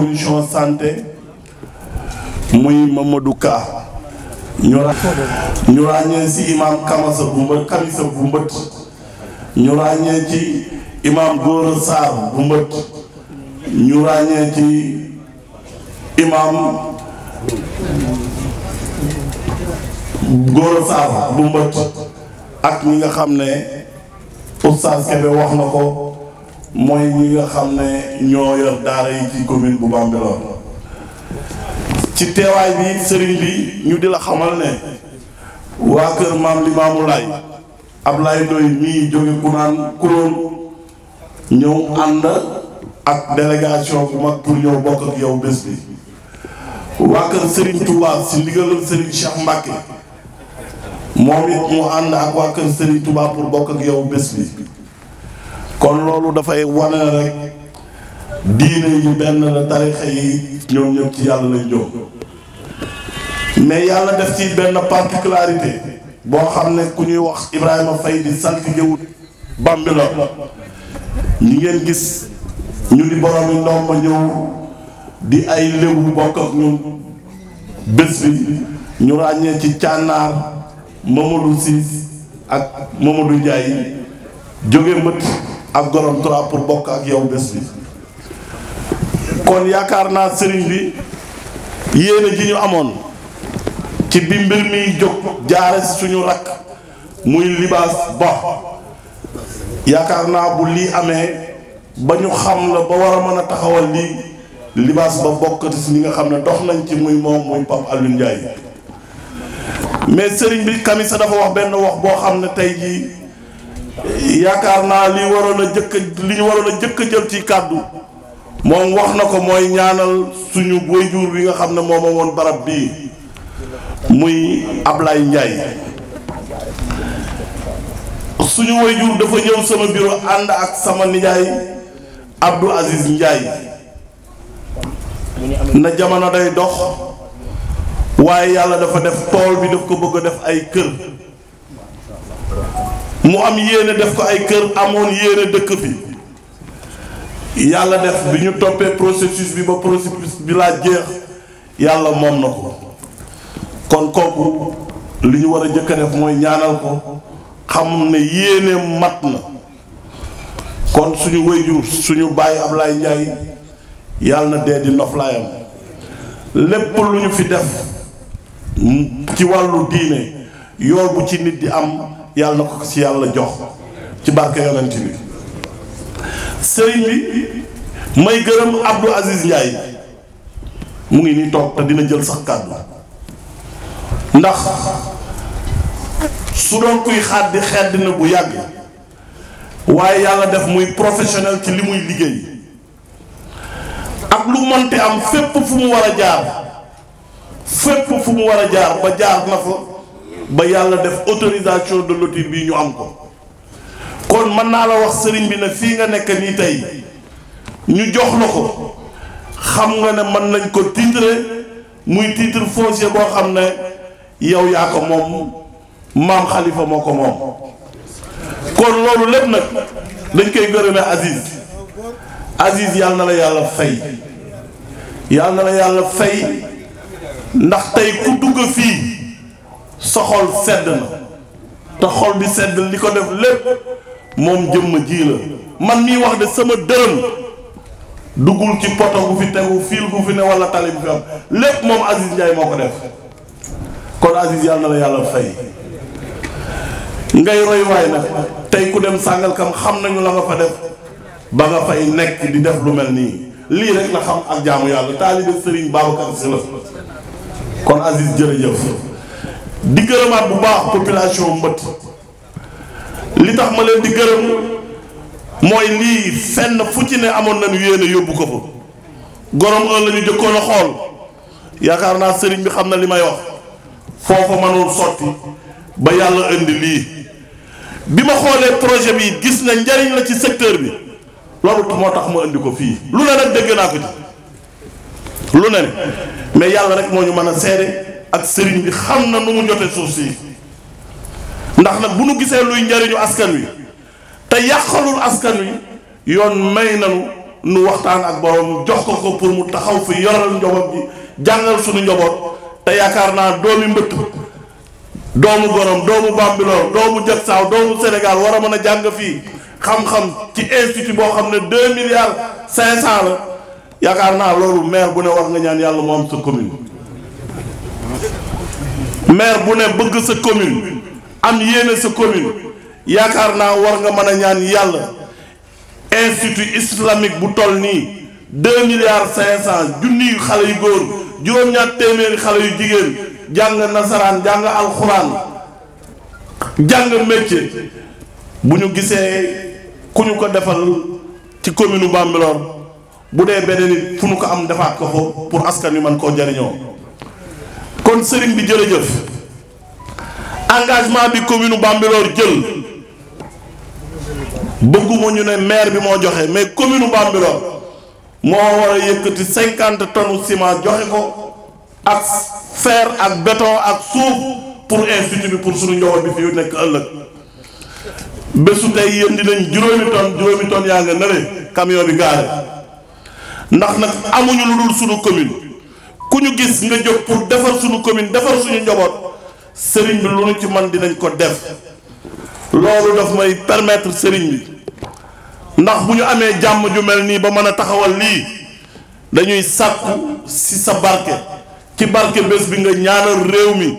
santé muy Mamadou Ka ñu imam Kamisa bu mbët Kamisa bu imam Gora Sarr bu mbët imam góor saar bu mbët ak ñi nga xam ne oustaz Kébé wax na ko mooy ñi nga xam ne ñoo yor daara ci commune bu Bambilor ci teewaay bi sëriñ bi ñu di la xamal ne waa kër maam Limaamu Laay Ablaye Ndoye jóge ku naan kuróon ñëw ànd ak délégation bu mag pour ñëw bokk ak yow bés bi waa kër Serigne Touba si ndigalal Serigne Cheikh Mbacke moom it mu ànd ak waa kër Serigne pour bokk ak yow bés bi kon loolu dafay wane rek diine yi benn la tarixa yi ñoom ñëpp ci yàlla lay jóg mais yàlla def ci benn particularité boo xam ne ku ñuy wax Ibrahima Faye di saltigéwut Bambilor ñi ngeen gis ñu di borom yi ndomba ñëw di ay léwu bokk ak ñun bés bi ñu ràññee ci cànnaar Mamadou si ak Mamadou Ndiaye jóge mët ak Gorom 3 pour bokk ak yow bés bi kon yaakaar naa sëriñ bi yéene ji ñu amoon ci bi mbir mi jóg jaare suñu rakk muy libaas ba yaakaar naa bu lii amee ba ñu xam la ba war a mën a taxawal lii libaas ba bokk si ñi nga xam ne dox nañ ci muy moom muy Pape Alioune Ndiaye mais sëriñ bi Kamisa dafa wax benn wax boo xam ne tey jii yaakaar naa li waroon a jëkk li ñu waroon a jëkk jël ci kàddu moom wax na ko mooy ñaanal suñu waajur wi nga xam ne moom woon barab bii muy Ablaye Ndiaye suñu waajur dafa ñëw sama bureau ànd ak sama nijaay Abdou Aziz njaay na jamono day dox waaye yàlla dafa def tool bi daf ko bëgg a def ay kër mu am yéene def ko ay kër amoon yéene dëkk bi yàlla def bi ñu toppee processus bi ba processus bi laa jeex yàlla moom na ko kon kooku li ñu war a jëkk a def mooy ñaanal ko xam ne yéene mat na kon suñu wayjur suñu bàyyi Ablaye Ndiaye yàlla na dee di noflaayam lépp lu ñu fi def ci wàllu diine yool bu ci nit di am yàlla na ko ci yàlla jox ci barke yonent bi sëriñ bi may gërëm Abdou Aziz Ndiaye mu ngi nii toog te dina jël sax kàddu ndax su doon kuy xàddi xedd na bu yàgg waaye yàlla def muy professionnel ci li muy liggéey ak lu mënti am fépp fu mu war a jaar fépp fu mu war a jaar ba jaar na fa ba yàlla def autorisation de lotir bii ñu am ko kon mën naa la wax sëriñ bi ne fii nga nekk nii tey ñu jox la ko xam nga ne mën nañ ko titre muy titre foncier boo xam ne yow yaa ko moom maam xalifa moo ko moom kon loolu lépp nag dañ koy gërëme Aziz Aziz yàlla na la yàlla fay yàlla na la yàlla fay ndax tey ku dugg fii sa xol sedd na te xol bi sedd li ko def lépp moom jëmm ji la man mii wax de sama dërëm duggul ci poto bu fi tegu fiil bu fi ne wala tali fi am lépp moom Aziz Ndiaye moo ko def kon Aziz yàlla la yàlla fay ngay roy waay nag tey ku dem sàngal kam xam nañu la nga fa def ba nga fay nekk di def lu mel nii lii rek la xam ak jaamu yàlla taalibe Serigne Babacar Sy la kon Aziz jërëjëf di gërëmaat bu baax population mbët li tax ma leen di gërëm mooy lii fenn fu ci ne amoon nañu yéene yóbbu ko fa gorom un la jëkkoon a xool yaakaar naa sëriñ bi xam na li may wax foofa mënul sotti ba yàlla indi lii bi ma xoolee projet bi gis na njariñ la ci secteur bi loolu moo tax ma indi ko fii lu ne nag dégg naa ko ci lu ne mais yàlla rek moo ñu mën a seede ak sëriñ bi xam na nu mu jotee suuf si ndax nag bu nu gisee luy njariñu askan wi te yàqalul askan wi yoon may nanu nu waxtaan ak borom jox ko ko pour mu taxaw fi yoral njaboot bi jàngal suñu njaboot te yaakaar naa doomi mbëtt doomu gorom doomu bambilor doomu jaksaaw doomu Sénégal war a mën a jàng fii xam-xam ci institut boo xam ne deux milliards cinq cent yaakaar naa loolu maire bu ne wax nga ñaan yàlla moom sa commune maire bu ne bëgg sa commune am yéene sa commune yaakaar naa war nga mën a ñaan yàlla institut islamique bu toll nii deux milliards cinq junni yu xale yu góor juróom-ñaar téeméeri xale yu jigéen jàng nasaraan jàng alxuraan jàng métier bu ñu gisee ku ñu ko defal ci commune Bambilor bu dee beneen nit fu nu ko am defaat ko pour askan wi mën koo jariñoo kon sëriñ bi jërëjëf engagement bi commune Bambilor jël bëgguma ñu ne maire bi moo joxe mais commune Bambilor moo war a yëkkati cinquante tonnes ciment joxe ko ak fer ak beto ak suuf pour institut bi pour suñu njaboot bi fi nekk ëllëg bésu tey yéen dinañ juróomi tonnes juróomi tonnes yaa nga nële camion bi gaare ndax nag amuñu lu dul suñu commune ku ñu gis nga jóg pour defar suñu commune defar suñu njaboot sëriñ bi lu ñu ci man dinañ ko def loolu daf may permettre sëriñ bi ndax bu ñu amee jàmm ju mel nii ba mën a taxawal lii dañuy sàkku si sa barke ci barke bés bi nga ñaanal réew mi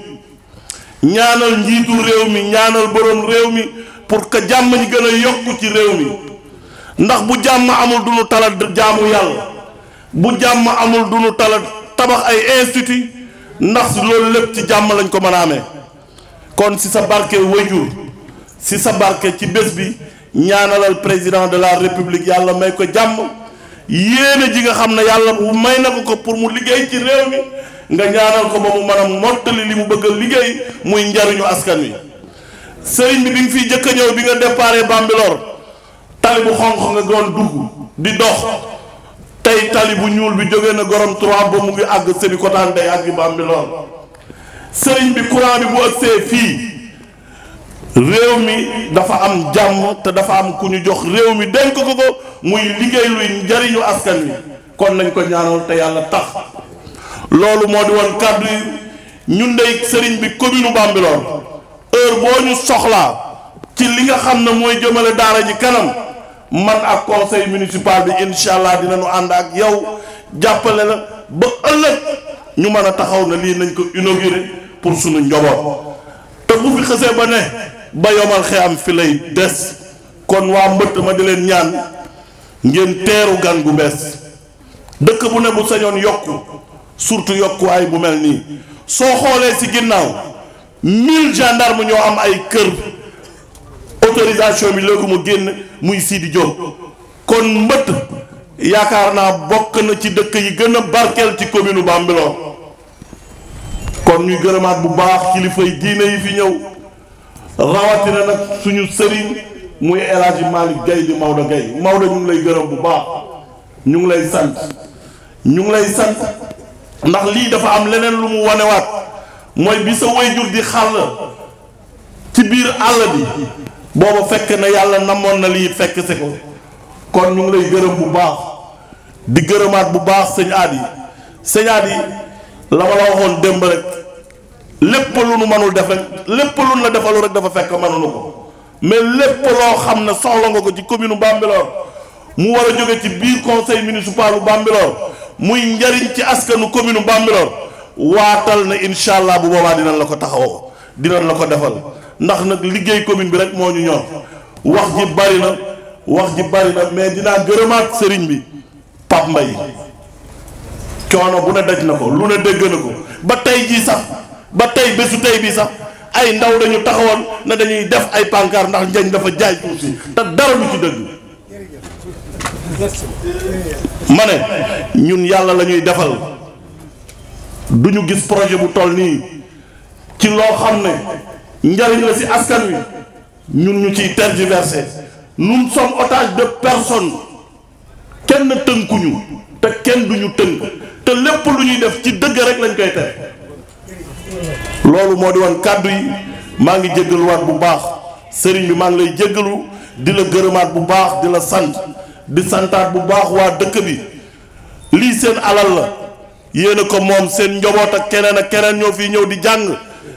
ñaanal njiitu réew mi ñaanal boroom réew mi pour que jàmm ñi gën a yokk ci réew mi ndax bu jàmm amul du ñu talal jaamu yàlla bu jàmm amul du nu tala tabax ay institut ndax loolu lépp ci jàmm lañ ko mën a amee kon si sa barke wayjur si sa barke ci bés bi ñaanalal président de la république yàlla may ko jàmm yéene ji nga xam ne yàlla may na ko ko pour mu liggéey ci réew mi nga ñaanal ko ba mu mën a mottali li mu bëgg liggéey muy njariñu askan wi sëriñ bi bi nga fiy jëkk ñëw bi nga déparé Bambilor tali bu xonq nga doon dugg di dox tey tali bu ñuul bi jógee na gorom 3 ba mu ngi àgg Sébikotane day àgg Bambilor sëriñ bi courant bi bu ëgsee fii réew mi dafa am jàmm te dafa am ku ñu jox réew mi dénk ko ko muy liggéey luy njariñu askan wi kon nañ ko ñaanal te yàlla tax loolu moo di woon kàddu yi ñun dey sëriñ bi commune Bambilor heure boo ñu soxlaa ci li nga xam ne mooy jëmale daara ji kanam man ak conseil municipal bi incha allah dinañu ànd ak yow jàppale la ba ëllëg ñu mën a taxaw na lii nañ ko inauguré pour suñu njaboot te bu fi xësee ba ne ba yomal xeyam fi lay des kon waa mbëtt ma di leen ñaan ngeen teeru gan gu bees dëkk bu ne bu sañoon yokku surtout yokkuwaay bu mel nii soo xoolee ci ginnaaw mille gendarme ñoo am ay kër autorisation bi léegi mu génn muy Sidi Diop kon mbëtt yaakaar naa bokk na ci dëkk yi gën a barkeel ci commune Bambilor kon ñuy gërëmaat bu baax kilifa yi diine yi fi ñëw rawatina nag suñu sëriñ muy El Hadj Malick Gaye di Maodo Gaye Maodo ñu ngi lay gërëm bu baax ñu ngi lay sant ñu ngi lay sant ndax lii dafa am leneen lu mu wanewaat mooy bi sa jur di xàll ci biir àll bi booba fekk na yàlla namoon na lii fekk si ko kon ñu ngi lay gërëm bu baax di gërëmaat bu baax sëñ aat yi sëñ aat yi la ma la waxoon démb rek lépp lu nu mënul def rek lépp lu nu la defalu rek dafa fekk mënunu ko mais lépp loo xam ne soxla nga ko ci commune Bambilor mu war a jóge ci biir conseil municipal bu muy njariñ ci askanu commune Bambilor waatal na incha allah bu boobaa dinañ la ko taxawoo dinañ la ko defal ndax nag liggéey commune bi rek moo ñu ñor wax ji bari na wax ji bari na mais dinaa gërëmaat sëriñ bi Pape mbay coono bu ne daj na ko lu ne dégg na ko ba tey jii sax ba tey bésu tey bi sax ay ndaw dañu taxawoon ne dañuy def ay pancarte ndax njañ dafa jaay suuf si te dara lu ci dëgg ma ne ñun yàlla la ñuy defal du ñu gis projet bu toll nii ci loo xam ne njariñ la si askan wi ñun ñu ciy tergiversé nous sommes otages de personne kenn tënkuñu te kenn duñu tënk te lépp lu ñuy def ci dëgg rek lañ koy teg loolu moo di woon kàddu yi maa ngi jéggaluwaat bu baax sëriñ bi maa ngi lay jéggalu di la gërëmaat bu baax di la sant di santaat bu baax waa dëkk bi lii seen alal la yéen a ko moom seen njaboot ak keneen ak keneen ñoo fii ñëw di jàng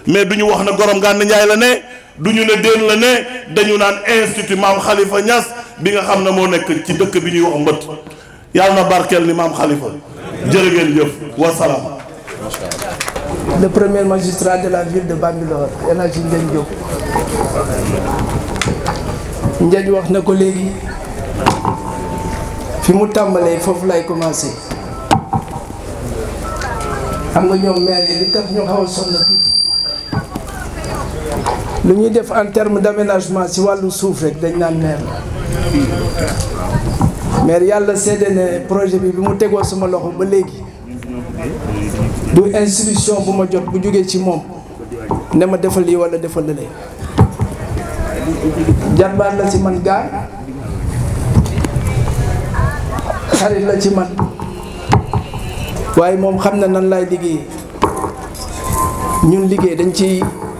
mais du ñu wax na gorom Gana Ndiaye la ne du ñu ne déen la ne dañu naan institut maam Khalifa Niass bi nga xam na moo nekk ci dëkk bi ñuy wax mbët yal na barkeel ni maam Khalifa jërë ngeen jëf wasalaam.
le premier magistrat de la ville de Bambilor El Hadji Ndiagne Diop Ndiagne wax na ko léegi fi mu tàmbalee foofu lay commencé xam nga ñoom maire yi li tax ñu xaw a lu ñuy def en terme d'aménagement ci wàllu suuf rek dañ naan maire maire yàlla seede ne projet bi bi mu tegoo sama loxo ba léegi du institution bu ma jot bu jógee ci moom ne ma defal lii wala defal la lay jarbaat la ci man gaar xarit la ci man waaye moom xam na nan laay liggéey ñun liggéey dañ ci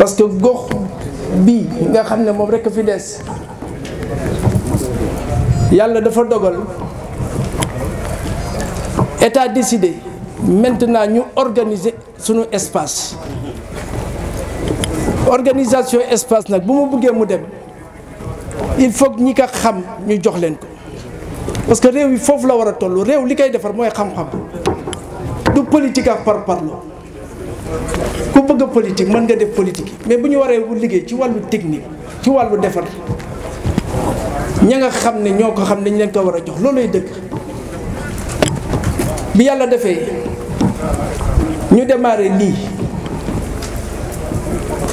parce que gox bi nga xam mom rek fi dess yalla dafa dogal état décidé maintenant ñu organiser suñu espace organisation espace nak bu mu mu dem il faut ñi ko xam ñu jox leen ko parce que réew yi fofu la wara a toll réew li koy defar mooy xam-xam du politique par parlo ku bëgg politique mën nga def politique mais bu ñu waree bu liggéey ci wàllu technique ci wàllu defar ña nga xam ne ñoo ko xam ne ñu leen ko war a jox loolooy dëkk bi yàlla defee ñu démarré lii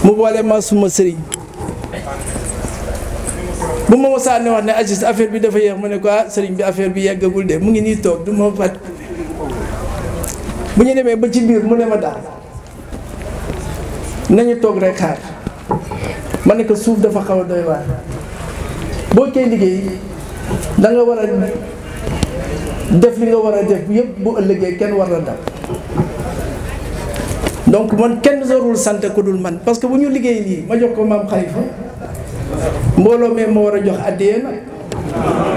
mu boole ma suma sëriñ bu ma mosaa ne wax ne Aziz affaire bi dafa yéex ma ne ko ah sëriñ bi affaire bi yeggagul de mu ngi nii toog du ma fàtt bu ñu demee ba ci biir mu ne ma daal nañu toog rek xaar ma ne ko suuf dafa xaw a doy waar boo koy liggéey da war a def li nga war a def yépp bu ëllëgee kenn war la dal donc man kenn warul sant ku dul man parce que bu ñu liggéey lii ma jox ko maam Khalifa mbooloo mee ma war a jox àddiyee nag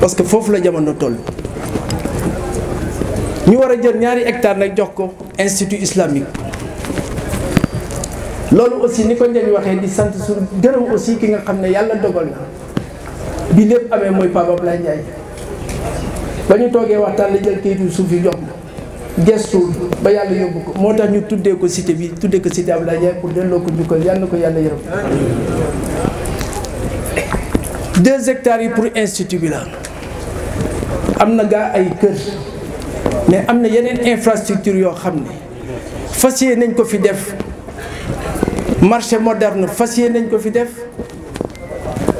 parce que foofu la jamono toll ñu war a jël ñaari hectare nag jox ko institu islamique loolu aussi ni ko njëriñ waxee di sant su gërëm aussi ki nga xam ne yàlla dogal na bi lépp amee mooy Pape Abdoulaye Ndiaye ba ñu toogee waxtaan la jël kayitu suuf yi jox ma gestu ba yàlla yóbbu ko moo tax ñu tuddee ko cité bi tuddee ko cité Abdoulaye Ndiaye pour delloo ko njukkal yàlla na ko yàlla yërëm deux hectares yi pour institut bi la Il y ay mais amna yenen infrastructure yo xamné ko fi def marché moderne fas yéene ko fi def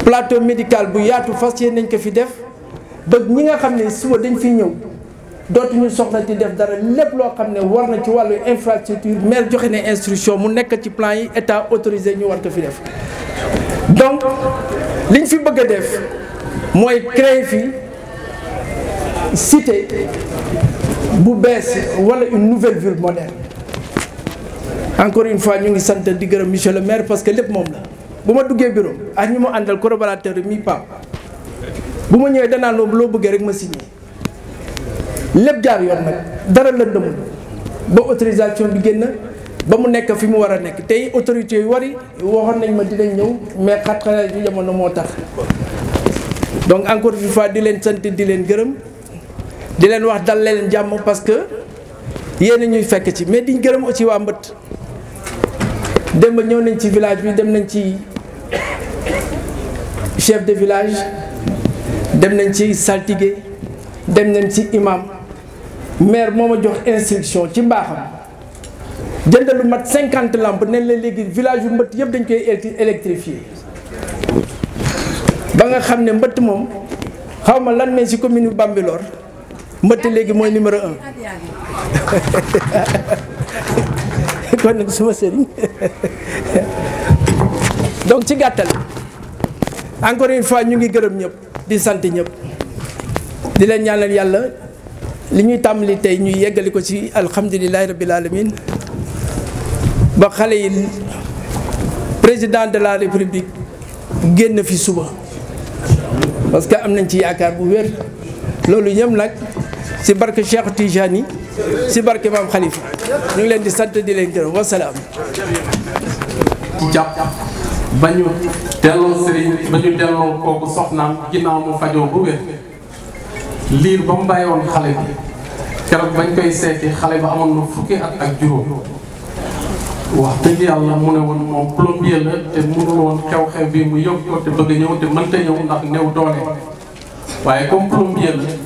plateau médical bu yaatu fas nañ ko fi def ba ñi nga xamné ne dañ fi infrastructure instruction mu ci plan autorisé donc liñ fi bëgg def créer cité bu bees wala une nouvelle ville moderne encore une fois ñu ngi sant di gërëm monsieur le maire parce que lépp moom la bu ma duggee bureau ak ñi ma àndal collaborateur mi pap bu ma ñëwee danaa loo loo bëggee rek ma signé lépp jaar yoon nag dara lëndëmul ba autorisation bi génn ba mu nekk fi mu war a nekk tey autorités yu wari waxoon nañ ma dinañ ñëw mais xat-xat yu jamono moo tax donc encore une fois di leen sant di leen gërëm di leen wax dal leen jàmm parce que yéen ñuy fekk ci mais diñ gërëm aussi waa mbët démb ñëw nañ ci village bi dem nañ ci chef de village dem nañ ci saltigué dem nañ ci imam maire moo jox instruction ci mbaaxam jënd lu mat 50 lampes neen la léegi village bu mbëtt yëpp dañ koy électrifié ba nga xam ne mbëtt moom xaw ma lan mais si commune bu mbëtt léegi mooy numéro un kon nag suma sëriñ donc ci gàttal encore une fois ñu ngi gërëm ñëpp di sant ñëpp di leen ñaanal yàlla li ñuy tàmbali tey ñuy yeggali ko ci alhamdulilahi rabbil alamin ba xale yi président de la république génn fi suba parce que am nañ ci yaakaar bu wér loolu ñëm nag si barke Cheikh Tijani si barke maam Khalifa ñu ngi leen di sant di leen gërëm wasalaam. ci jàpp ba ñu delloo sëriñ ba ñu delloo kooku soxnaam
ginnaaw mu fajoo bu wér liir ba mu bàyyi woon xale bi keroog bañ koy seeti xale ba amoon na fukki at ak juróom. wax dëgg yàlla mu ne woon moom plombier la te mënul woon xew-xew bi mu yóbbu ko te bëgg ñëw te mënta ñëw ndax néew doole waaye comme plombier la.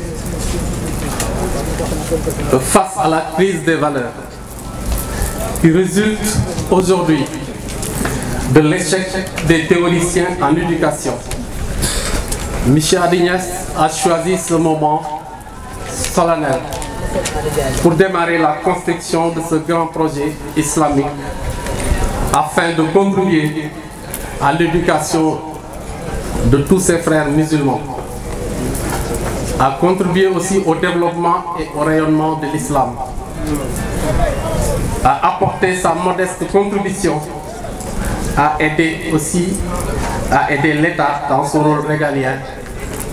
Euh, face à la crise des valeurs qui résulte aujourd'hui de l'échec des théoriciens en éducation. Michel Adignès a choisi ce moment solennel pour démarrer la construction de ce grand projet islamique afin de contribuer à l'éducation de tous ses frères musulmans a contribué aussi au développement et au rayonnement de l'islam, a apporté sa modeste contribution, a aidé aussi à aider l'État dans son rôle régalien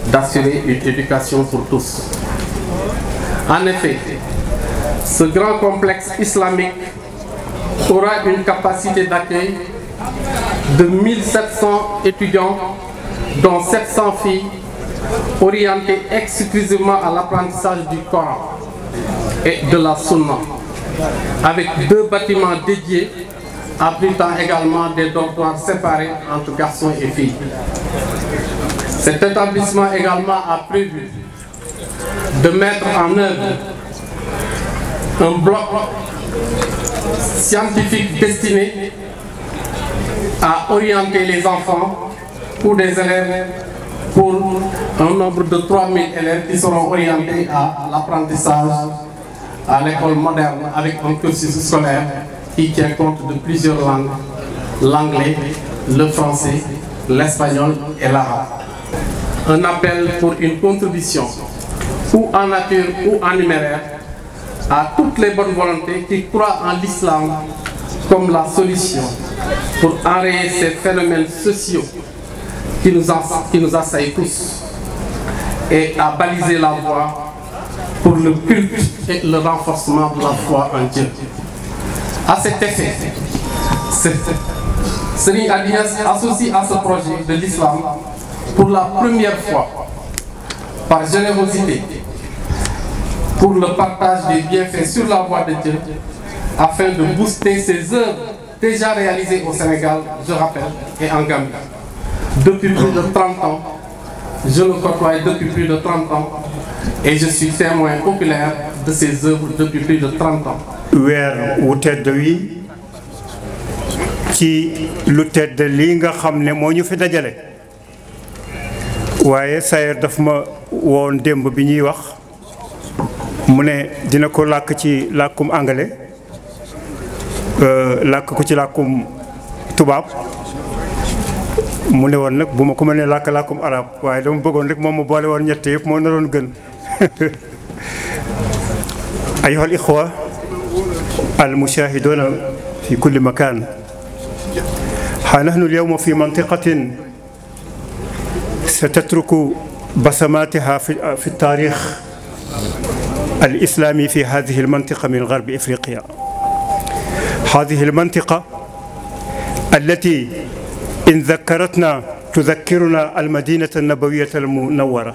d'assurer une éducation pour tous. En effet, ce grand complexe islamique aura une capacité d'accueil de 1700 étudiants, dont 700 filles orienté exclusivement à l'apprentissage du Coran et de la Sunna, avec deux bâtiments dédiés abritant également des dortoirs séparés entre garçons et filles. Cet établissement également a prévu de mettre en œuvre un bloc scientifique destiné à orienter les enfants ou des élèves pour un nombre de 3000 élèves qui seront orientés à l'apprentissage à l'école moderne avec un cursus scolaire qui tient compte de plusieurs langues, l'anglais, le français, l'espagnol et l'arabe. Un appel pour une contribution, ou en nature ou en numéraire, à toutes les bonnes volontés qui croient en l'islam comme la solution pour arrêter ces phénomènes sociaux qui nous, a, qui tous et a balisé la voie pour le culte et le renforcement de la foi en Dieu. À cet effet, Sri Alias associe à ce projet de l'islam pour la première fois, par générosité, pour le partage des bienfaits sur la voie de Dieu, afin de booster ses œuvres déjà réalisées au Sénégal, je rappelle, et en Gambie depuis plus de 30 ans. Je le côtoie depuis plus de 30 ans et je suis témoin populaire de ses œuvres depuis plus de 30
ans. weer wu tedd wi qui lu de lii nga xam ne ñu fi dajale waaye Sayer daf ma won demb bi ñuy wax mune dina ko lak ci lakum anglais euh, lak ko ci lakum tubab mu ne arab dama rek mu ñett gën أيها الإخوة المشاهدون في كل مكان ها نحن اليوم في منطقة ستترك بصماتها في التاريخ الإسلامي في هذه المنطقة من غرب إفريقيا هذه المنطقة التي إن ذكرتنا تذكرنا المدينة النبوية المنورة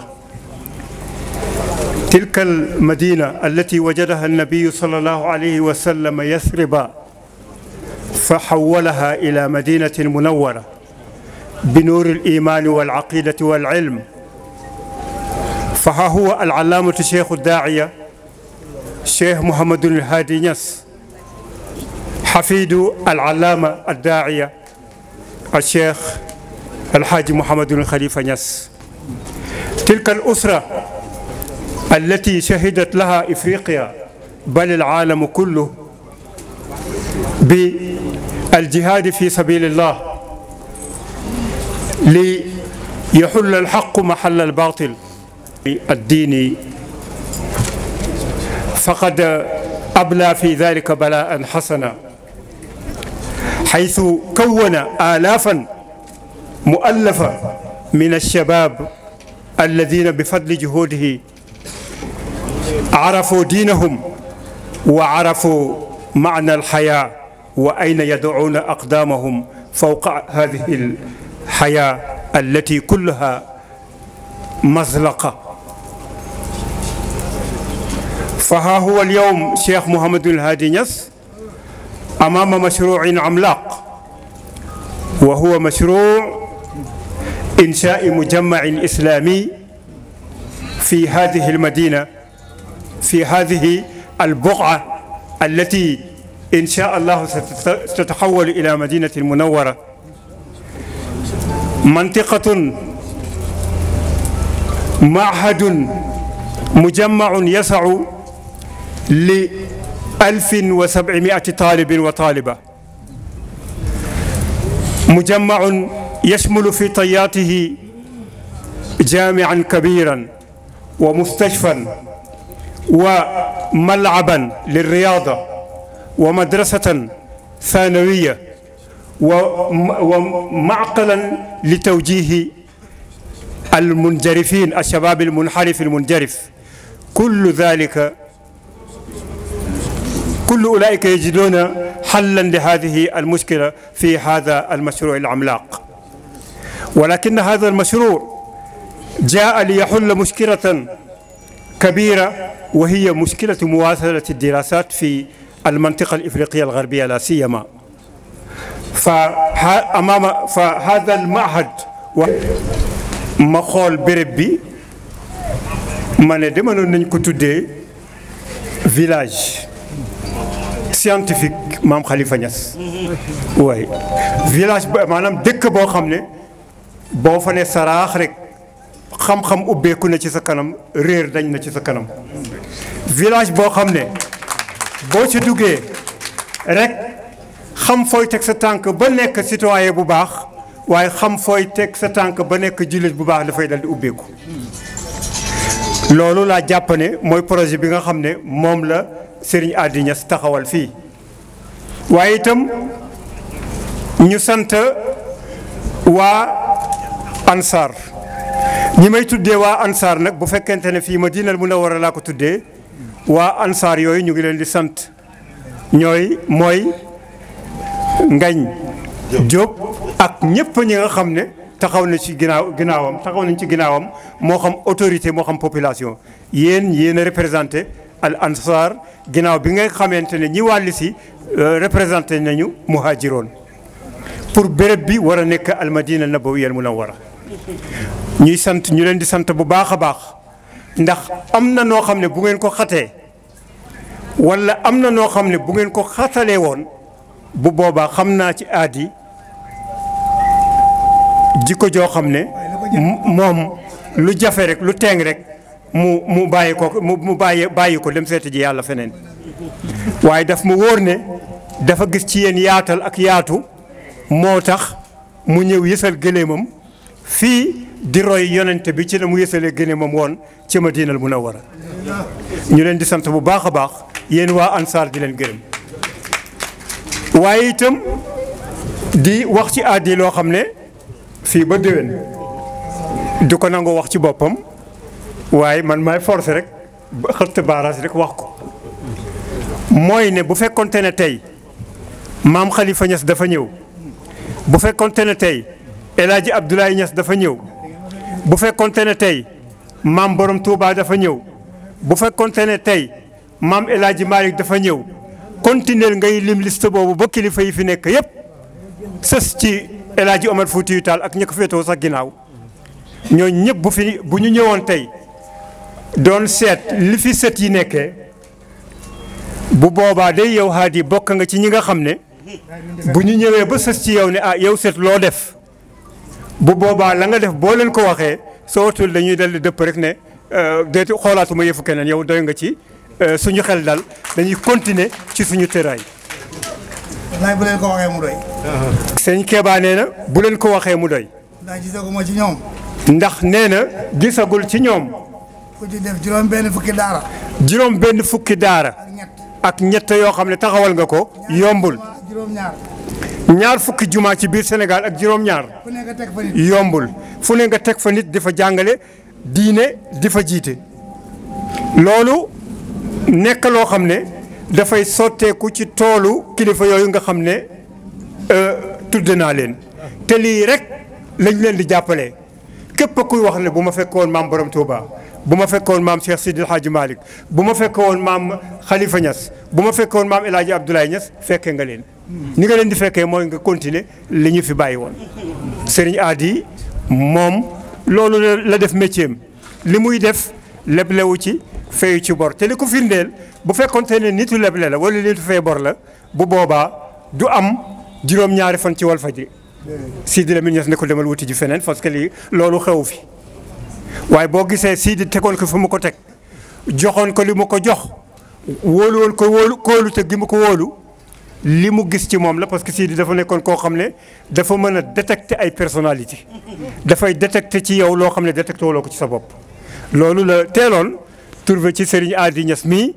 تلك المدينة التي وجدها النبي صلى الله عليه وسلم يثرب فحولها إلى مدينة منورة بنور الإيمان والعقيدة والعلم فها هو العلامة شيخ الداعية شيخ محمد الهادي نس حفيد العلامة الداعية الشيخ الحاج محمد بن خليفة نس تلك الأسرة التي شهدت لها إفريقيا بل العالم كله بالجهاد في سبيل الله ليحل الحق محل الباطل الديني فقد أبلى في ذلك بلاء حسنا حيث كون آلافا مؤلفة من الشباب الذين بفضل جهوده عرفوا دينهم وعرفوا معنى الحياة وأين يدعون أقدامهم فوق هذه الحياة التي كلها مزلقة فها هو اليوم شيخ محمد الهادي نصر امام مشروع عملاق وهو مشروع انشاء مجمع اسلامي في هذه المدينه في هذه البقعه التي ان شاء الله ستتحول الى مدينه منوره منطقه معهد مجمع يسع ل 1700 طالب وطالبة مجمع يشمل في طياته جامعا كبيرا ومستشفى وملعبا للرياضة ومدرسة ثانوية ومعقلا لتوجيه المنجرفين الشباب المنحرف المنجرف كل ذلك كل أولئك يجدون حلا لهذه المشكلة في هذا المشروع العملاق ولكن هذا المشروع جاء ليحل مشكلة كبيرة وهي مشكلة مواصلة الدراسات في المنطقة الإفريقية الغربية لا سيما فأمام فهذا المعهد مخول بربي من دمنا دي فيلاج scientifique maam xalifa ñas waaye village ba maanaam dëkk boo xam ne boo fa ne saraax rek xam-xam ubbeeku na ci sa kanam réer dañ na ci sa kanam village boo xam ne boo ci duggee rek xam fooy teg sa tànk ba nekk citoyen bu baax waaye xam fooy teg sa tànk ba nekk jullit bu baax dafay dal di ubbeeku loolu laa jàpp mooy projet bi nga xam ne moom la. Serigne Adi taxawal fii waaye itam ñu sant waa Ansar ñi may tuddee waa Ansar nag bu fekkente ne fii ma Madinal Munawwara laa ko tuddee waa Ansar yooyu ñu ngi leen di sant ñooy mooy ngañ Diop ak ñëpp ñu nga xam ne taxaw na ci ginnaaw ginnaawam taxaw nañ ci ginnaawam moo xam autorité moo xam population yéen yéen a représenté al ansar ginaaw bi ngay xamantene ñi walisi représenter nañu muhajiron pour bërepp bi wara nek al madina nabawiyya al munawwara ñuy sante ñu leen di sante bu baaxa baax ndax amna no xamne bu ngeen ko xate wala amna no xamne bu ngeen ko xatalé won bu boba xamna ci adi jiko jo xamne mom lu jafe rek lu téng rek mu mu bàyyi ko mu mu bàyyi bàyyi ko dem seeti ji yàlla feneen waaye daf mu wóor ne dafa gis ci yéen yaatal ak yaatu moo tax mu ñëw yësal gëléemam fii di roy yonente bi ci la mu yësalee gëléemam woon ci Madinal Munawwara ñu leen di sant bu baax a baax yéen waa ansaar di leen gërëm waaye itam di wax ci àddi loo xam ne fii ba déwén di ko nangu wax ci boppam waaye man maay force rek xëtt baaraas rek wax ko mooy ne bu fekkonte ne tey maam Khalifa Niass dafa ñëw bu fekkonte ne tey El Hadji Abdoulaye dafa ñëw bu fekkonte ne tey maam Borom tuubaa dafa ñëw bu fekkonte ne tey maam El Hadji Malick dafa ñëw continuer ngay lim liste boobu ba kilifa yi fi nekk yépp sës ci El Hadji Omar Foutiyou Tall ak ñi ko féetoo ginnaaw ñooñu ñëpp bu fi bu ñu ñëwoon tey. doon seet li fi sët yi nekkee bu boobaa day yow haadi bokk nga ci ñi nga xam ne bu ñu ñëwee ba sës ci yow ne ah yow seet loo def bu boobaa la nga def boo leen ko waxee soo watul dañuy dal dëpp rek ne euh, déeti xoolaatuma yëfu keneen yow doy nga ci euh, suñu xel dal dañuy continuer ci suñu tëraay.
wallaay bu leen ko mu doy.
sëñ Keba nee bu leen ko waxee mu doy. ndax gisaguma ci ñoom. ndax nee na gisagul ci ñoom. ku def juróom benn fukki daara. juróom benn fukki daara. ak ñett yoo xam ne taxawal nga ko. yombul ñaar fukki juma ci biir senegal ak juróom-ñaar. yombul fu ne nga teg fa nit di fa jàngale diine di fa jiite. loolu nekk loo xam ne dafay sotteeku ci toolu kilifa yooyu nga xam ne euh, tudde naa leen te lii rek lañ leen di jàppale képp kuy wax ne bu ma fekkoon maam borom Touba. bu ma fekkoon maam Cheikh Sidil Hadji Malick bu ma fekkoon maam Khalifa Niass bu ma fekkoon maam El Hadji Abdoulaye Niass fekkee nga leen ni nga leen di fekkee mooy nga continuer li ñu fi bàyyi woon Serigne Adi moom loolu la def métier li muy def leblewu ci fayu ci bor te li ko firndeel bu fekkoonte ne nitu leble la wala nitu fay bor la bu boobaa du am juróom-ñaari fan ci Walfadjri Sidi Lamine Niass ne ko demal wuti ji feneen parce que lii loolu xew fi waaye boo gisee Sidi tegoon ko fi mu ko teg joxoon ko li mu ko jox wóolu ko wóolu kóolu te gi mu ko wóolu li mu gis ci moom la parce que di dafa nekkoon koo xam ne dafa mën a détecter ay personnalité dafay détecter ci yow loo xam ne détecté wuloo ko ci sa bopp. loolu la teeloon trouvé ci Serigne Adi Niass mii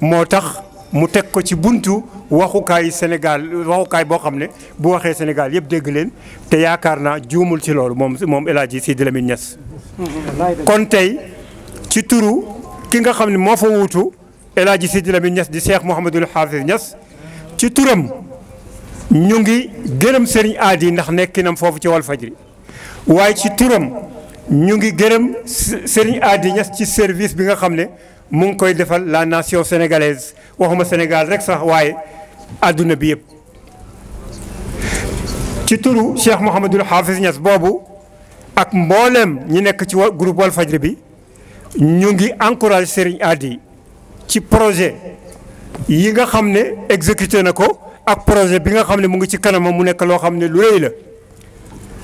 moo tax mu teg ko ci buntu waxukaayu Sénégal waxukaay boo xam ne bu waxee Sénégal yëpp dégg leen te yaakaar naa juumul ci loolu moom moom El Hadji Sidi Lamine kon tey ci turu ki nga xam ne moo fa wuutu El Hadj Sidi Lamine Niass di Cheikh Mouhamadul Hafiz ñas ci turam ñu ngi gërëm sëriñ aadi ndax nekkinam foofu ci Walfadjri waaye ci turam ñu ngi gërëm sëriñ aadi ci service bi nga xam ne mu ngi koy defal la nation sénégalaise waxuma Sénégal rek sax waaye àdduna bi yëpp ci turu Cheikh Mouhamadul Hafiz Niass boobu ak mboolem ñu nekk ci groupe Walfadjri bi ñu ngi encouragé Serigne Adi ci projet yi nga xam ne exécuté na ko ak projet bi nga xam ne mu ngi ci kanamam mu nekk loo xam ne lu rëy la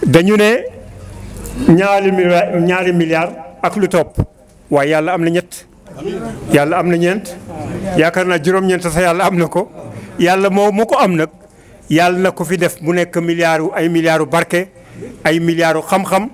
dañu ne ñaari milliards ñaari milliards ak lu topp waaye yàlla am na ñett yàlla am na ñeent yaakaar naa juróom-ñeent sax yàlla am na ko yàlla moo moo ko am nag yàlla na ko fi def mu nekk milliards ay milliards barke ay milliards xam-xam.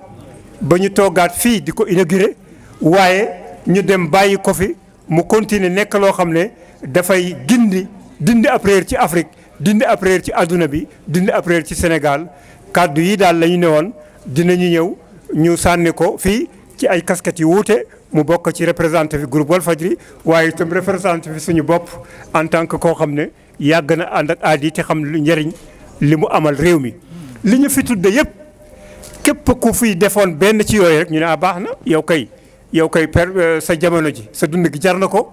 ba ñu toogaat fii di ko inauguré waaye ñu dem bàyyi ko fi mu continuer nekk loo xam ne dafay gindi dindi ab ci Afrique dindi ab ci àdduna bi dindi ab ci Sénégal kàddu yi daal lañu ñu ne woon dinañu ñëw ñu sànni ko fii ci ay casquettes yu wuute mu bokk ci représenté fi groupe Walfadjri waaye itam représenté fi suñu bopp en tant que koo xam ne yàgg na ànd ak aadi te xam lu njëriñ li mu amal réew mi li ñu fi tudde yëpp képp ku fi defoon benn ci yooyu rek ñu ne a ah, baax na yow kay yow kay per euh, sa jamono ji sa dund gi jar na ko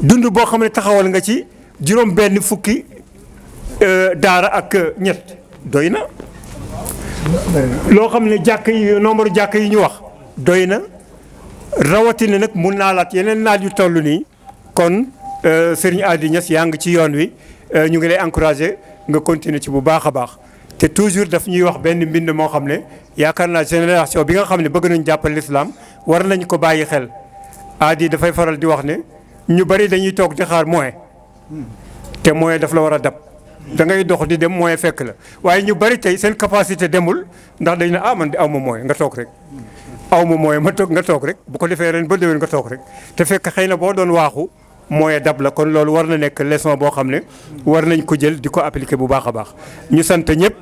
dund boo xam ne taxawal nga ci juróom benn fukki euh, daara ak euh, ñett doy na loo xam ne jàkk yi nombre jàkk yi ñu wax doy na rawatina nag mun naa laat yeneen naat yu toll nii kon Serigne Adi Niass yaa ngi ci yoon wi ñu ngi lay encouragé nga continuer ci bu baax a baax te toujours daf ñuy wax ben mbind mo xamné ne yaakaar génération bi nga xamné bëgg nañu jàppal l'islam war nañ ko bàyyi xel adi da fay faral di wax ne ñu bari dañuy tok di xaar moy te moy daf la wara dab da ngay dox di dem moy fekk la waye ñu bari tay seen capacité demul ndax dañ na ah man de aw nga tok rek aw moy ma tok nga tok rek bu ko defé ren ba déwén nga tok rek te fekk xeyna bo doon waxu moyen dab la kon lolou war na nek leçon bo xamne war nañ ko jël diko appliquer bu baax a baax ñu sante ñep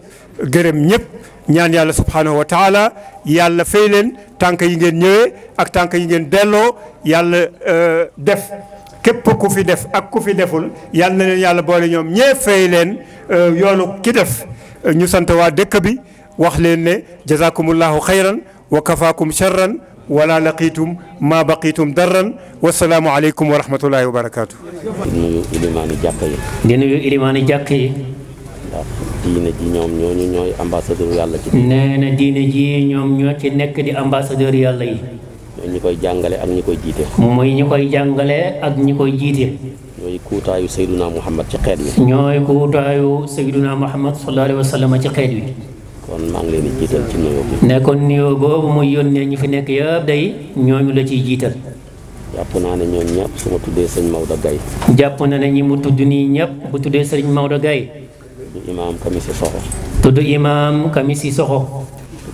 gërëm ñep ñaan yàlla subhanahu wa taala yàlla fay leen tànk yi ngeen ñëwé ak tànk yi ngeen dello yàlla euh def kep ku fi def ak ku fi deful yàlla na leen yàlla boole ñom ñe fay leen yoonu ki def ñu sante wa dëkk bi wax leen ne jazakumullahu khairan wa kafaakum charran ولا لقيتم ما بقيتم درا والسلام عليكم ورحمة الله وبركاته
dina ilimaani jàkk yi di nuyu ji ñoom ñooñu ñooy ambassadeur yàlla ci neena dina ji ñom ñoo ci nek di ambassadeur yàlla yi ñooy ñi koy jàngale ak ñi koy jiite muy ñi koy jàngale ak ñi koy ñoy ñooy kuutaayu sayduna muhammad ci xeet wi ñooy kuutaayu sayyiduna muhammad sallallahu alayhi wasallam ci xeet wi kon mang leen ci nuyoo bi. ne kon nuyoo bobu muy yonne ñi fi nek yeb day ñoñu la ci jital japp na ne ñoñ ñëpp su ma tuddee sëñ Maodo Gaye. jàpp na ne ñi mu tuddu ni ñëpp bu tuddé sëñ mawda gay imam Kamisi Soxo. tuddu Imam Kamisi Soxo.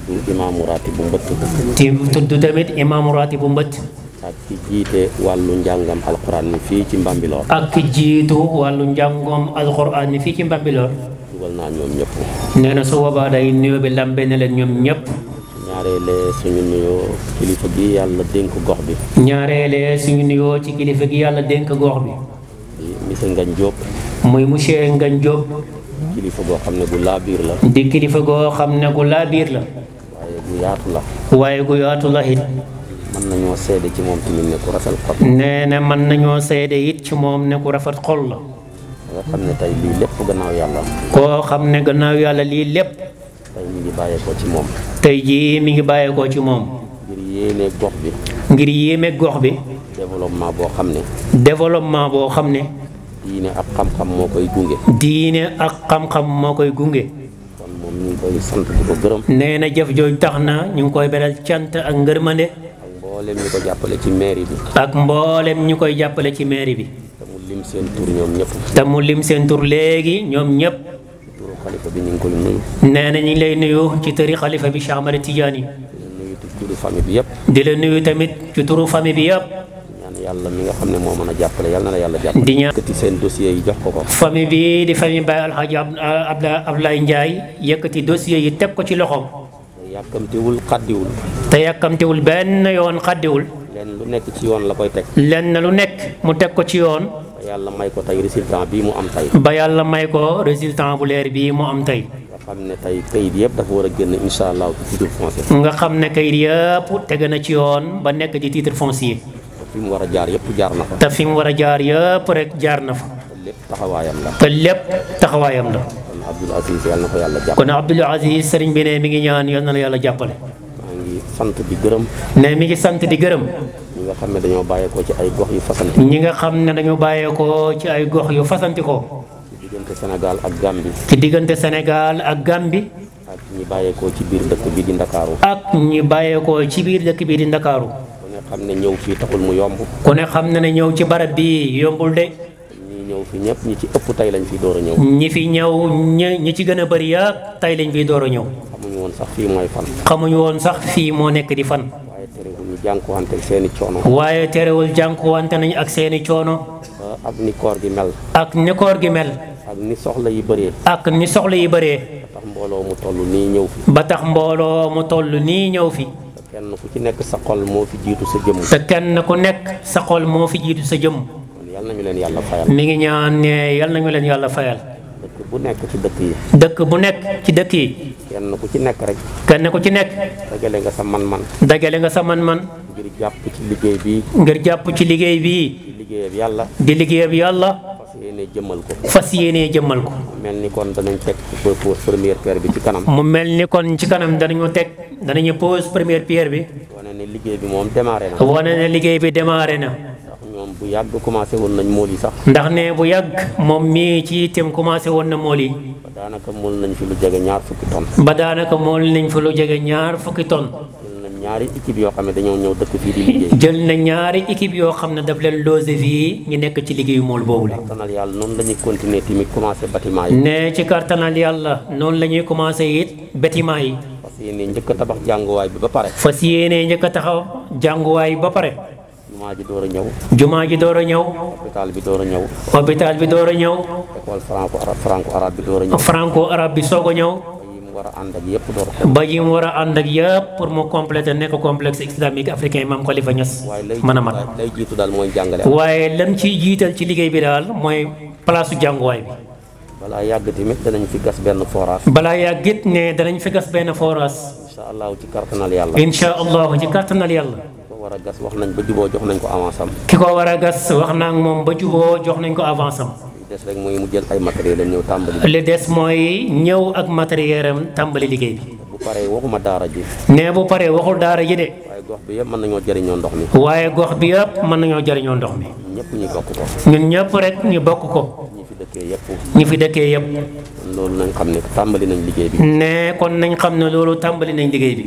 tuddu imam Raati bu mbeut ti tuddu tamit imam Raati bu mbeut ak ci jité walu njangam alquran fi ci Mbambilor. ak ki jiitu wàllu njàngam alxuraan fii ci Mbambilor. dugal naa ñoom ñëpp. nee su boobaa day nuyoo bi lambee ne leen ñoom ñëpp. ñaareele suñu nuyoo kilifa gi yàlla dénk gox bi. ñaareele ci kilifa gi yàlla dénk gox bi. di monsieur ngañ Diop. muy monsieur Ngagne Diop. kilifa goo xam ne gu laa biir la. di kilifa goo xam ne gu laa biir la. waaye gu yaatu la. waaye gu yaatu la it. mën nañoo seede ci moom tamit ne ku rafet xol. nee na mën nañoo seede it ci moom ne ku rafet xol la. koo xam ne tey lii lépp gannaaw yàlla. koo xam ne gannaaw yàlla lii lépp. tey mi ngi bàyyeekoo ci moom. tey jii mi ngi bàyyeekoo ci moom. ngir yéeme gox bi. ngir yéeme gox bi. développement boo xam ne. développement boo xam ne. diine ak xam-xam moo koy gunge. ak xam moo koy gunge. kon moom ñu ngi koy sant di ko gërëm. nee na jëf jooju tax na ñu ngi koy beral cant ak ngërmande. ak mboolem ñu ko jàppale ci mairie bi. ak mboolem ñu koy jàppale ci mairie bi. lim seen tur ñoom ñëpp. te mu lim seen tur léegi ñoom ñëpp. turu xalifa bi ñu ngi koy nuyu. nee na ñu ngi lay nuyu ci tëri xalifa bi Cheikh Ahmad Tidiane. di turu famille bi yëpp. di la nuyu tamit ci turu famille bi yëpp. ñaan yàlla mi nga xam ne moo mën a jàppale yàlla na la yàlla jàppale. di ñaan yëkkati seen dossier yi jox ko ko. famille bi di famille Baye Alhaji Abdoulaye Ndiaye yëkkati dossier yi teg ko ci loxoom. te yàkkamtiwul xaddiwul. te yàkkamtiwul benn yoon xaddiwul. lenn lu nekk ci yoon la koy teg. lenn lu nekk mu teg ko ci yoon. ba yàlla may ko tey résultat bii mu am tey. ba yàlla may ko résultat bu leer bii mu am tey. nga xam ne tey kayit yëpp dafa war a génn incha allah ci titre foncier. nga xam ne kayit yëpp teg na ci yoon ba nekk ci titre foncier. fi mu war a jaar yëpp jaar na fa. te fi mu war a jaar yëpp rek jaar na fa. te lépp taxawaayam la. te lépp taxawaayam la. kon Abdoul Aziz yal na sëriñ bi ne mi ngi ñaan yal na la yàlla jàppale. maa ngi sant di gërëm. ne mi ngi sant di gërëm. ñi nga xam ne dañoo bàyyeekoo ci ay gox yu fasante. ñi xam ne dañoo bàyyeekoo ci ay gox yu fasante ko. ci diggante Sénégal ak Gambie. ci diggante Sénégal ak Gambie. ak ñi bàyyeekoo ci biir dëkk bi di Ndakaaru. ak ñi bàyyeekoo ci biir dëkk bii di Ndakaaru. ku ne xam ne ñëw fii taxul mu yomb. ku ne xam ne ñëw ci barab bi yombul de. ñi ñëw fi ñëpp ñi ci ëpp tey lañ fi door a ñëw. ñi fi ñëw ñi ñi ci gën a bëri yëpp tey lañ door a ñëw. xamuñu woon sax fii mooy fan. xamuñu woon sax fii moo nekk di fan. jànkuwante ak seeni coono. waaye terewul jànkuwante nañu ak seeni coono. ak ni gi mel. ak ni gi mel. ak ni soxla yi bëree. ak ni soxla yi bëree. ba tax mbooloo mu toll nii ñëw fi. ba tax mbooloo mu toll nii ñëw fi. te kenn ku ci nekk sa xol moo fi jiitu sa jëmm. te kenn ku nekk sa xol moo fi jiitu sa jëmm. yal nañu leen yàlla ngi ñaan ne yal nañu leen yàlla fayal. dëkk bu nekk ci dëkk yi. dëkk bu nekk ci dëkk yi. kenn ku ci nekk rek. kenn ko ci nekk. dajale nga sa man-man. dajale nga sa man-man. ngir jàpp ci liggéey bii. ngir jàpp ci liggéey bi di liggéeyab yàlla. di liggéeyab yàlla. fas yéenee jëmmal ko. fas yéenee jëmmal ko. mu mel ni kon danañ teg pose première pierre bi ci kanam. mu mel ni kon ci kanam danañu teg danañu pose première pierre bi. wane ne liggéey bi moom démarré na. wane ne liggéey bi démarré na. moom bu yàgg commencé woon nañ mool yi sax. ndax ne bu yàgg moom mii ci itam commencé woon na mool yi. ba daanaka mool nañ fi lu jege ñaar fukki ton ba daanaka mool nañ fi lu jege ñaar fukki tonnes. ñaari équipe yoo xam ne dañoo ñëw dëkk fii di liggéey. jël na ñaari équipe yoo xam ne daf leen logé fii ñu nekk ci liggéeyu mool boobu la. kartanal yàlla noonu la ñuy continuer tamit commencé bâtiment yi. ne ci kartanal yàlla noonu la ñuy commencé it bâtiment yi. fas yéene njëkk a tabax jànguwaay bi ba pare. fas yéene njëkk a taxaw jànguwaay ba pare. jumaa ji door a ñëw jumaa hôpital bi door a hôpital bi door a franco arab bi door ñew franco arabe bi soog a ba yim wara and ak yépp pour mo compléter nek complexe islamique africain imam Khalifa Niass mën a mat waaye lan ciy jiital ci liggéey bi dal moy place way bi balaa yàgg tamit dañ fi gas benn forage balaa yàggit ne dañ fi gas ben forage inshallah ci kartanal yalla inshallah ci kartanal yalla war a gas wax nañ ba juboo jox nañ ko avance am. ki ko war a gas wax naa moom ba juboo jox nañ ko avance am. li des rek mooy mu jël ay matériel am ñëw tàmbali. li des mooy ñëw ak matériel am tàmbali liggéey bi. bu paree waxuma daara ji. nee bu paree waxul daara ji de. waaye gox bi yëpp mën nañoo jëriñoo ndox mi. waaye gox bi yëpp mën nañoo jëriñoo ndox mi. ñëpp ñu bokk ko. ñun ñëpp rek ñu bokk ko. ñi fi dëkkee yëpp. ñi fi dëkkee yëpp. loolu nañ xam ne tàmbali nañ liggéey bi. nee kon nañ xam ne loolu tàmbali nañ liggéey bi.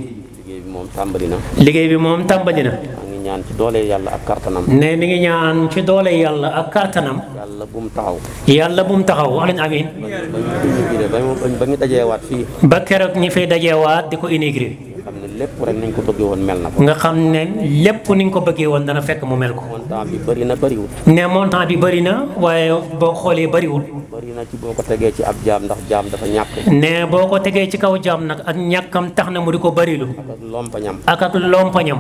moom na. liggéey bi moom tàmbali na. ngi ñaan ci doole yàlla ak kartanam. ne mi ngi ñaan ci doole yàlla ak kartanam. yàlla bum taxaw. yàlla bu mu taxaw amiin amiin. ba ñu ba ñu dajeewaat fii. ba keroog ñi fay dajeewaat di ko intégré. lépp rek nañ ko bëggee woon mel na ko. nga xam ne lépp ni nga ko bëggee woon dana fekk mu mel ko. montant bi bëri na bëriwul. ne montant bi bëri na waaye boo xoolee bëriwul. na ci boo ko tegee ci ab jaam ndax jaam dafa ñàkk. ne boo ko tegee ci kaw jaam nag ak ñàkkam tax na mu di ko bërilu. ak ak lompañam. ak ak lompañam.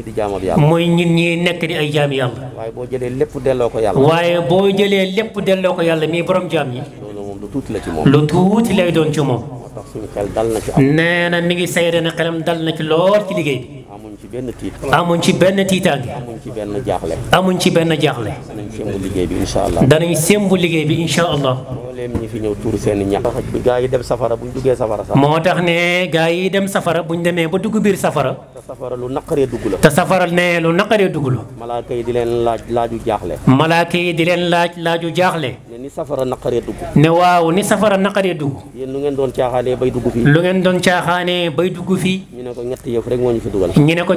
di jaamam yàlla mooy ñun ñi nekk di ay jaam yàlla. waaye boo jëlee lépp delloo ko yàlla. waaye boo jëlee lépp delloo ko yàlla mii borom jaam yi. loolu moom lu tuuti la ci moom. lu tuuti lay doon ci moom. nee na mi ngi seede ne xelam dal na ci lool ci liggéey bi. benn tiit. amuñ ci benn tiitaange. amuñ ci benn jaaxle. amuñ ci benn jaaxle. danañ sémbu liggéey bi incha allah. danañ sémbu liggéey bi incha allah. mbooleem ñi fi ñëw tuur seen ñax. gaa yi dem safara buñ duggee moo tax ne gaa yi dem safara buñ demee ba dugg biir safara. safara lu naqaree dugg la. te safara ne lu naqaree dugg la. malaaka yi di leen laaj laaju jaaxle. malaaka yi di leen laaj laaju jaaxle. ne ni safara naqaree dugg. ne waaw ni safara naqaree dugg. yéen lu ngeen doon caaxaanee bay dugg fii. lu ngeen doon caaxaanee bay dugg ñu ne ko ñett yëf rek moo ñu fi dugal.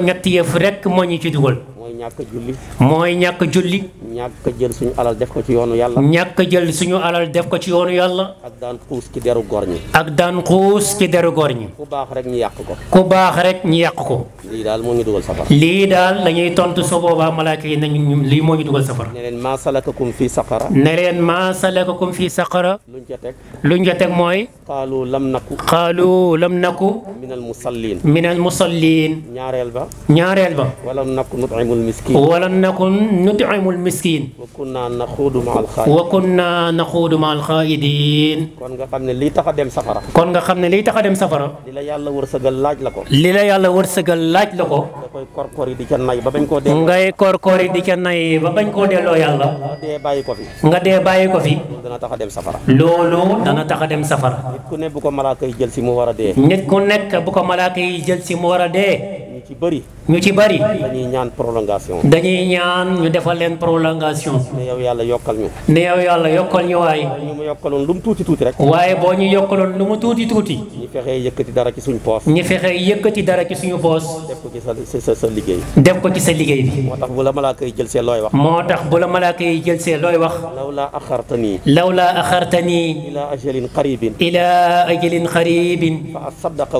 ñett yëf rek moo ñu ci dugal. mooy ñàkk julli. mooy ñàkk julli. ñàkk jël suñu alal def ko ci yoonu yàlla. ñàkk jël suñu alal def ko ci yoonu yàlla. ak daan xuus ci deru góor ñi. ak daan xuus ci deru góor ñi. ku baax rek ñu yàq ko. ku baax rek ñu yàq ko. lii daal moo ñu dugal safara lii daal dañuy tontu su boobaa malaaka yi nañu lii moo ñu dugal safara ne leen maa salakakum fii saqara ne leen maa salakakum fii saqara luñ ca teg luñ ca teg mooy qaalu lam naku qaalu lam naku min al musallin min al musallin ñaareel ba ñaareel ba walam naku nut'imul miskin walam naku nut'imul miskin wa kunna naxuudu ma al xaa'idin wa kunna naxuudu ma al xaa'idin kon nga xam ne lii tax a dem safara kon nga xam ne lii tax a dem safara li la yàlla wërsëgal laaj la ko li la yàlla wërsëgal laaj la ko. nga koy korkor yi di ca nay ba bañ koo dee. ngay korkor yi di ca nay ba bañ koo delloo yàlla. nga dee bàyyi ko fi. nga dee bàyyi ko fi. loolu dana tax a dem safara. loolu dana tax a dem safara. nit ku nekk bu ko malaaka yi jël si mu war a dee. nit ku nekk bu ko malaaka yi jël si mu war a dee. ñu ci bëri. ñu ci bari. dañuy ñaan prolongation. dañuy ñaan ñu defal leen prolongation. ne yow yàlla yokkal ñu. ne yow yàlla yokkal ñu waaye. ñu ma yokkaloon lu mu tuuti tuuti rek. waaye boo ñu yokkaloon lu mu tuuti tuuti. ñu fexee yëkkati dara ci suñu poos. ñu fexee yëkkati dara ci suñu poos. def ko ci sa sa sa liggéey. def ko ci sa liggéey bi. moo tax bu la malaaka yi jël see looy wax. moo tax bu la malaaka yi jël see looy wax. lawlaa axartanii. lawlaa axartanii. ilaa ajalin qariibin. ilaa ajalin qariibin. fa asaddaqa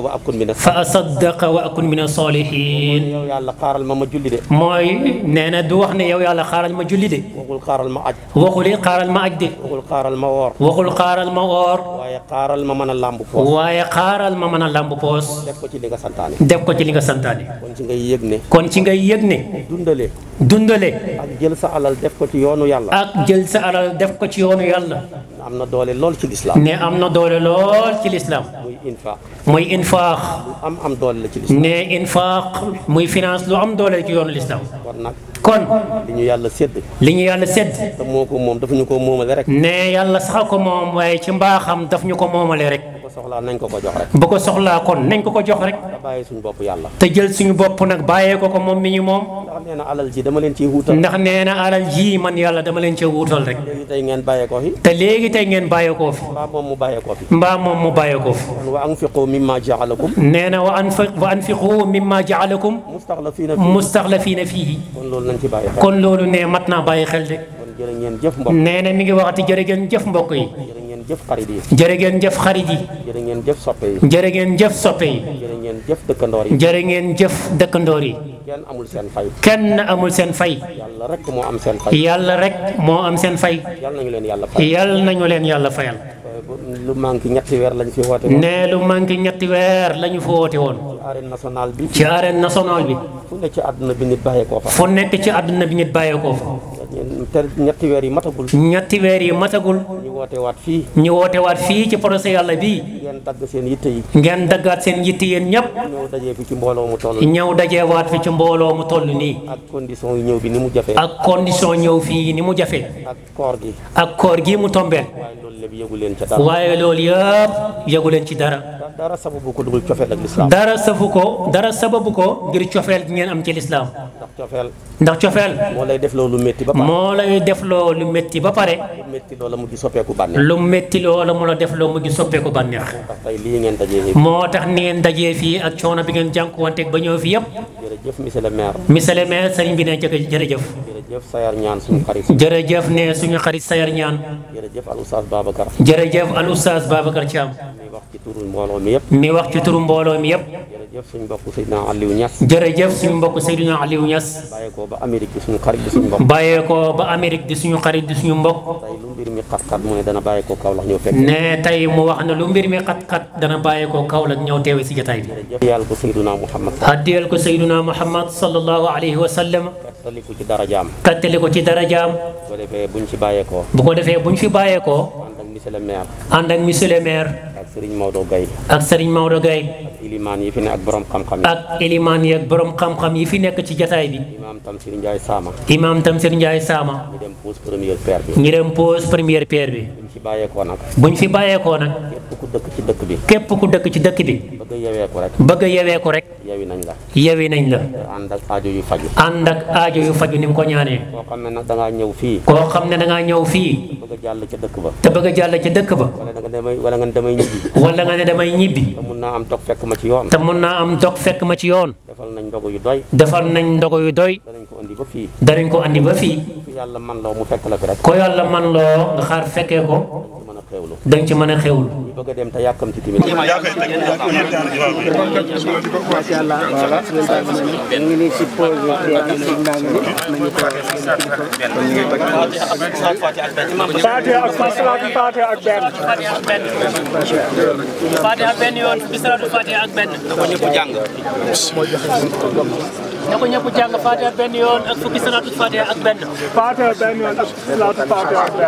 wa akun mina saalihiin yow yàlla xaaral ma ma julli de. mooy nee na du wax ne yow yàlla xaaral ma julli de. waxul xaaral ma aj. waxul it xaaral ma aj de. waxul xaaral ma woor. waxul xaaral ma woor. waaye xaaral ma mën a làmb poos. waaye xaaral ma mën a làmb poos. def ko ci li nga santaane. def ko ci li nga santaane. kon ci ngay yëg ne. kon ci ngay yëg ne. dundale. dundale. ak jël sa alal def ko ci yoonu yàlla. ak jël sa alal def ko ci yoonu yàlla. am na doole lool ci lislaam ne am na doole lool ci lislaam muy infaq muy infaq am am doole la ci lislaam ne infaq muy finance lu am doole ci yoonu lislaam kon nag kon li ñu yàlla sédd li ñu yàlla sédd te moo ko moom dafa ñu ko moomale rek ne yàlla sax ko moom waaye ci mbaaxam daf ñu ko moomale rek soxlaa nañ ko ko jox rek. bu ko soxlaa kon nañ ko ko jox rek. te bàyyi suñu bopp yàlla. te jël suñu bopp nag bàyyee ko ko moom mi ñu moom. ndax nee na alal ji dama leen ciy wuutal. ndax nee na alal ji man yàlla dama leen cee wuutal rek. léegi tey ngeen bàyyee ko fi. te léegi tey ngeen bàyyee koo fi. mbaa moom mu bàyyee koo fi. mbaa moom mu bàyyee koo fi. wa anfiqu mimma jaalakum. nee na wa anfi wa anfiqu mimma jaalakum. mustaxlafiina fiihi mustaxlafiina fiihi. kon loolu nañ ci bàyyi xel. kon loolu nee mat naa bàyyi xel de. kon jërë ngeen jëf mbokk. nee na mi ngi waxati jërë ngeen jëf mbokk yi jëf Jeff yi jeregen Jeff jëf xarit Jeff jërë ngeen jëf soppe yi jërë ngeen jëf soppe yi ngeen kenn amul seen fay kenn amul rek mo am seen fay yalla rek len am seen fay Yalla nañu fayal lu manki ñetti weer lañ fi wote ne lu manki ñetti weer lañu fi wote won ci arène nationale bi ci arène bi fu ne ci aduna bi nit ko fa fu nekk ci aduna bi nit ko fa ñetti weer yi matagul ñetti weer yi matagul woote waat fii. ñu woote waat fii ci procès yàlla bii. ngeen dagg seen yitte yi. ngeen daggaat seen yitte yéen ñëpp. ñëw dajee fi ci mbooloo mu toll. ñëw dajee waat fi ci mbooloo mu toll nii. ak condition yu ñëw bi ni mu jafe. ak condition fii ni mu jafe. ak koor gi. ak koor gi mu tombeel. waaye loolu yëpp yëgu leen ci dara. waaye leen ci dara. dara sababu ko dugul ciofel ak l'islam dara safu ko dara sababu ko ngir ciofel gi ngeen am ci l'islam ndax ciofel ndax ciofel mo lay def lolu metti ba pare mo lay def lolu metti ba pare metti lolu mu gi soppeku banex lu metti lolu mu la def lo mu gi soppeku banex tay li ngeen dajé fi mo ni ngeen dajé fi ak ciono bi ngeen jank wante ba ñew fi yépp monsieur le maire monsieur le maire serigne bi ne jërëjëf Sayar Ñaan suñu xarit. jërëjëf ne suñu xarit Sayar Ñaan. jërëjëf al oustaz Babacar. jërëjëf al oustaz Babacar Thiam. mi wax ci turu mbooloo yëpp. mi wax ci turu mbooloo yëpp. bàyyeekoo ba Amérique di suñu xarit di suñu mbokk. bàyyeekoo ba Amérique di suñu xarit di suñu mbokk. lu mbir mi xat-xat mu ne dana bàyyeekoo Kaolack ñëw fekk. ne tey mu wax ne lu mbir mi xat-xat dana bàyyeekoo Kaolack ñëw teewe si jotaay bi. jërëjëf yàlla ko Seydina Muhammad. haddiyal ko Seydina Muhammad sallallahu alayhi wa fàttaliku ci darajaam. ko ci darajaam. bu ko defee buñ fi bàyyeekoo. bu ko defee buñ fi bàyyeekoo. ànd ak monsieur le maire. ànd ak monsieur le maire. Serigne Maodo Gaye ak Serigne Maodo Gaye ak ilimaan yi fi ne ak borom xam-xam yi. ak ilimaan yi ak borom xam-xam yi fi nekk ci jataay bi. imaam Tamsir Ndiaye Sama. imaam Tamsir Ndiaye Sama. ñu dem pose première pierre bi. ñu dem pose première pierre bi. buñ fi bàyyeekoo nag. buñ fi bàyyeekoo nag. képp ku dëkk ci dëkk bi. képp ku dëkk ci dëkk bi. bëgg a yeweeku rek. bëgg a yeweeku la. yewi la. ànd ak aajo yu faju. ànd ak aajo yu faju ni mu ko ñaanee. koo xam ne nag da ngaa ñëw fii. koo xam ne da a jàll ba. te bëgg a jàll ca dëkk ba. wala nga ne damay ñibbi. te mun naa am dog fekk ma ci yoon. te mun naa am dog fekk ma ci yoon. defal nañ ndogo yu doy. defal nañ ndogo yu doy. danañ ko andi ba fii. danañ ko andi ba fii. ku yàlla man la fi nga xaar fekkee ko. da nga ci mën a xewlu. bëgg a dem te yàkkamti tamit. macha allah
voilà ñu ngi nii si pause bi am na ñu nañu ko Fatiha ak salaatu
Fatiha ak benn. Fatiha benn yoon bi salaatu Fatiha ak benn. na ko ñëpp jàng. na ko ñëpp jàng Fatiha benn yoon ak fukki salatu
Fatiha ak benn. Fatiha benn yoon ak fukki salatu Fatiha ak benn.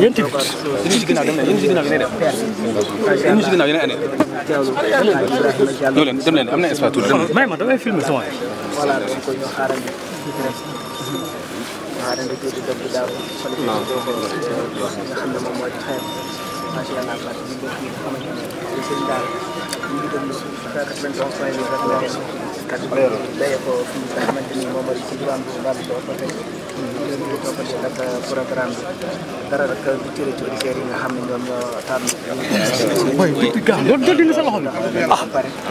yéen tamit yéen si ginnaaw dem leen
yéen si ginnaaw yéen a ne. ñoo leen dem leen am na espace tuuti dem.
may ma damay filmer sama
xaarandi tuuti dëgg daaw. waaw nga xam ne moom mooy xeer. macha allah parce que ñun ñëpp xamante ne sëñ daal ñu ngi déglu 91 point 8 rek la. day ko fi nga xamante ni moom mooy ci diwaan bu Mbambi Sow ba tey. to ko ak programme dara rek bu téré ci auditeurs yi nga xam ne ñoom ñoo ah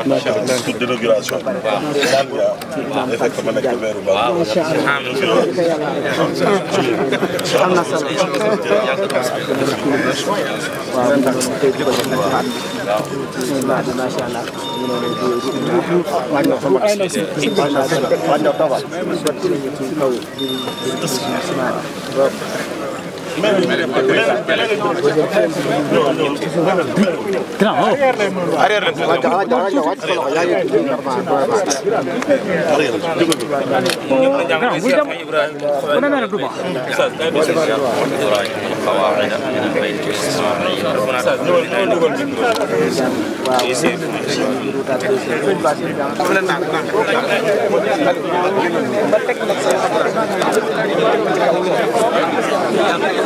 macha allah toute inauguration waaw effectivement nak wéru ba macha allah am na solo waaw ndax tey ko
Well, Gracias.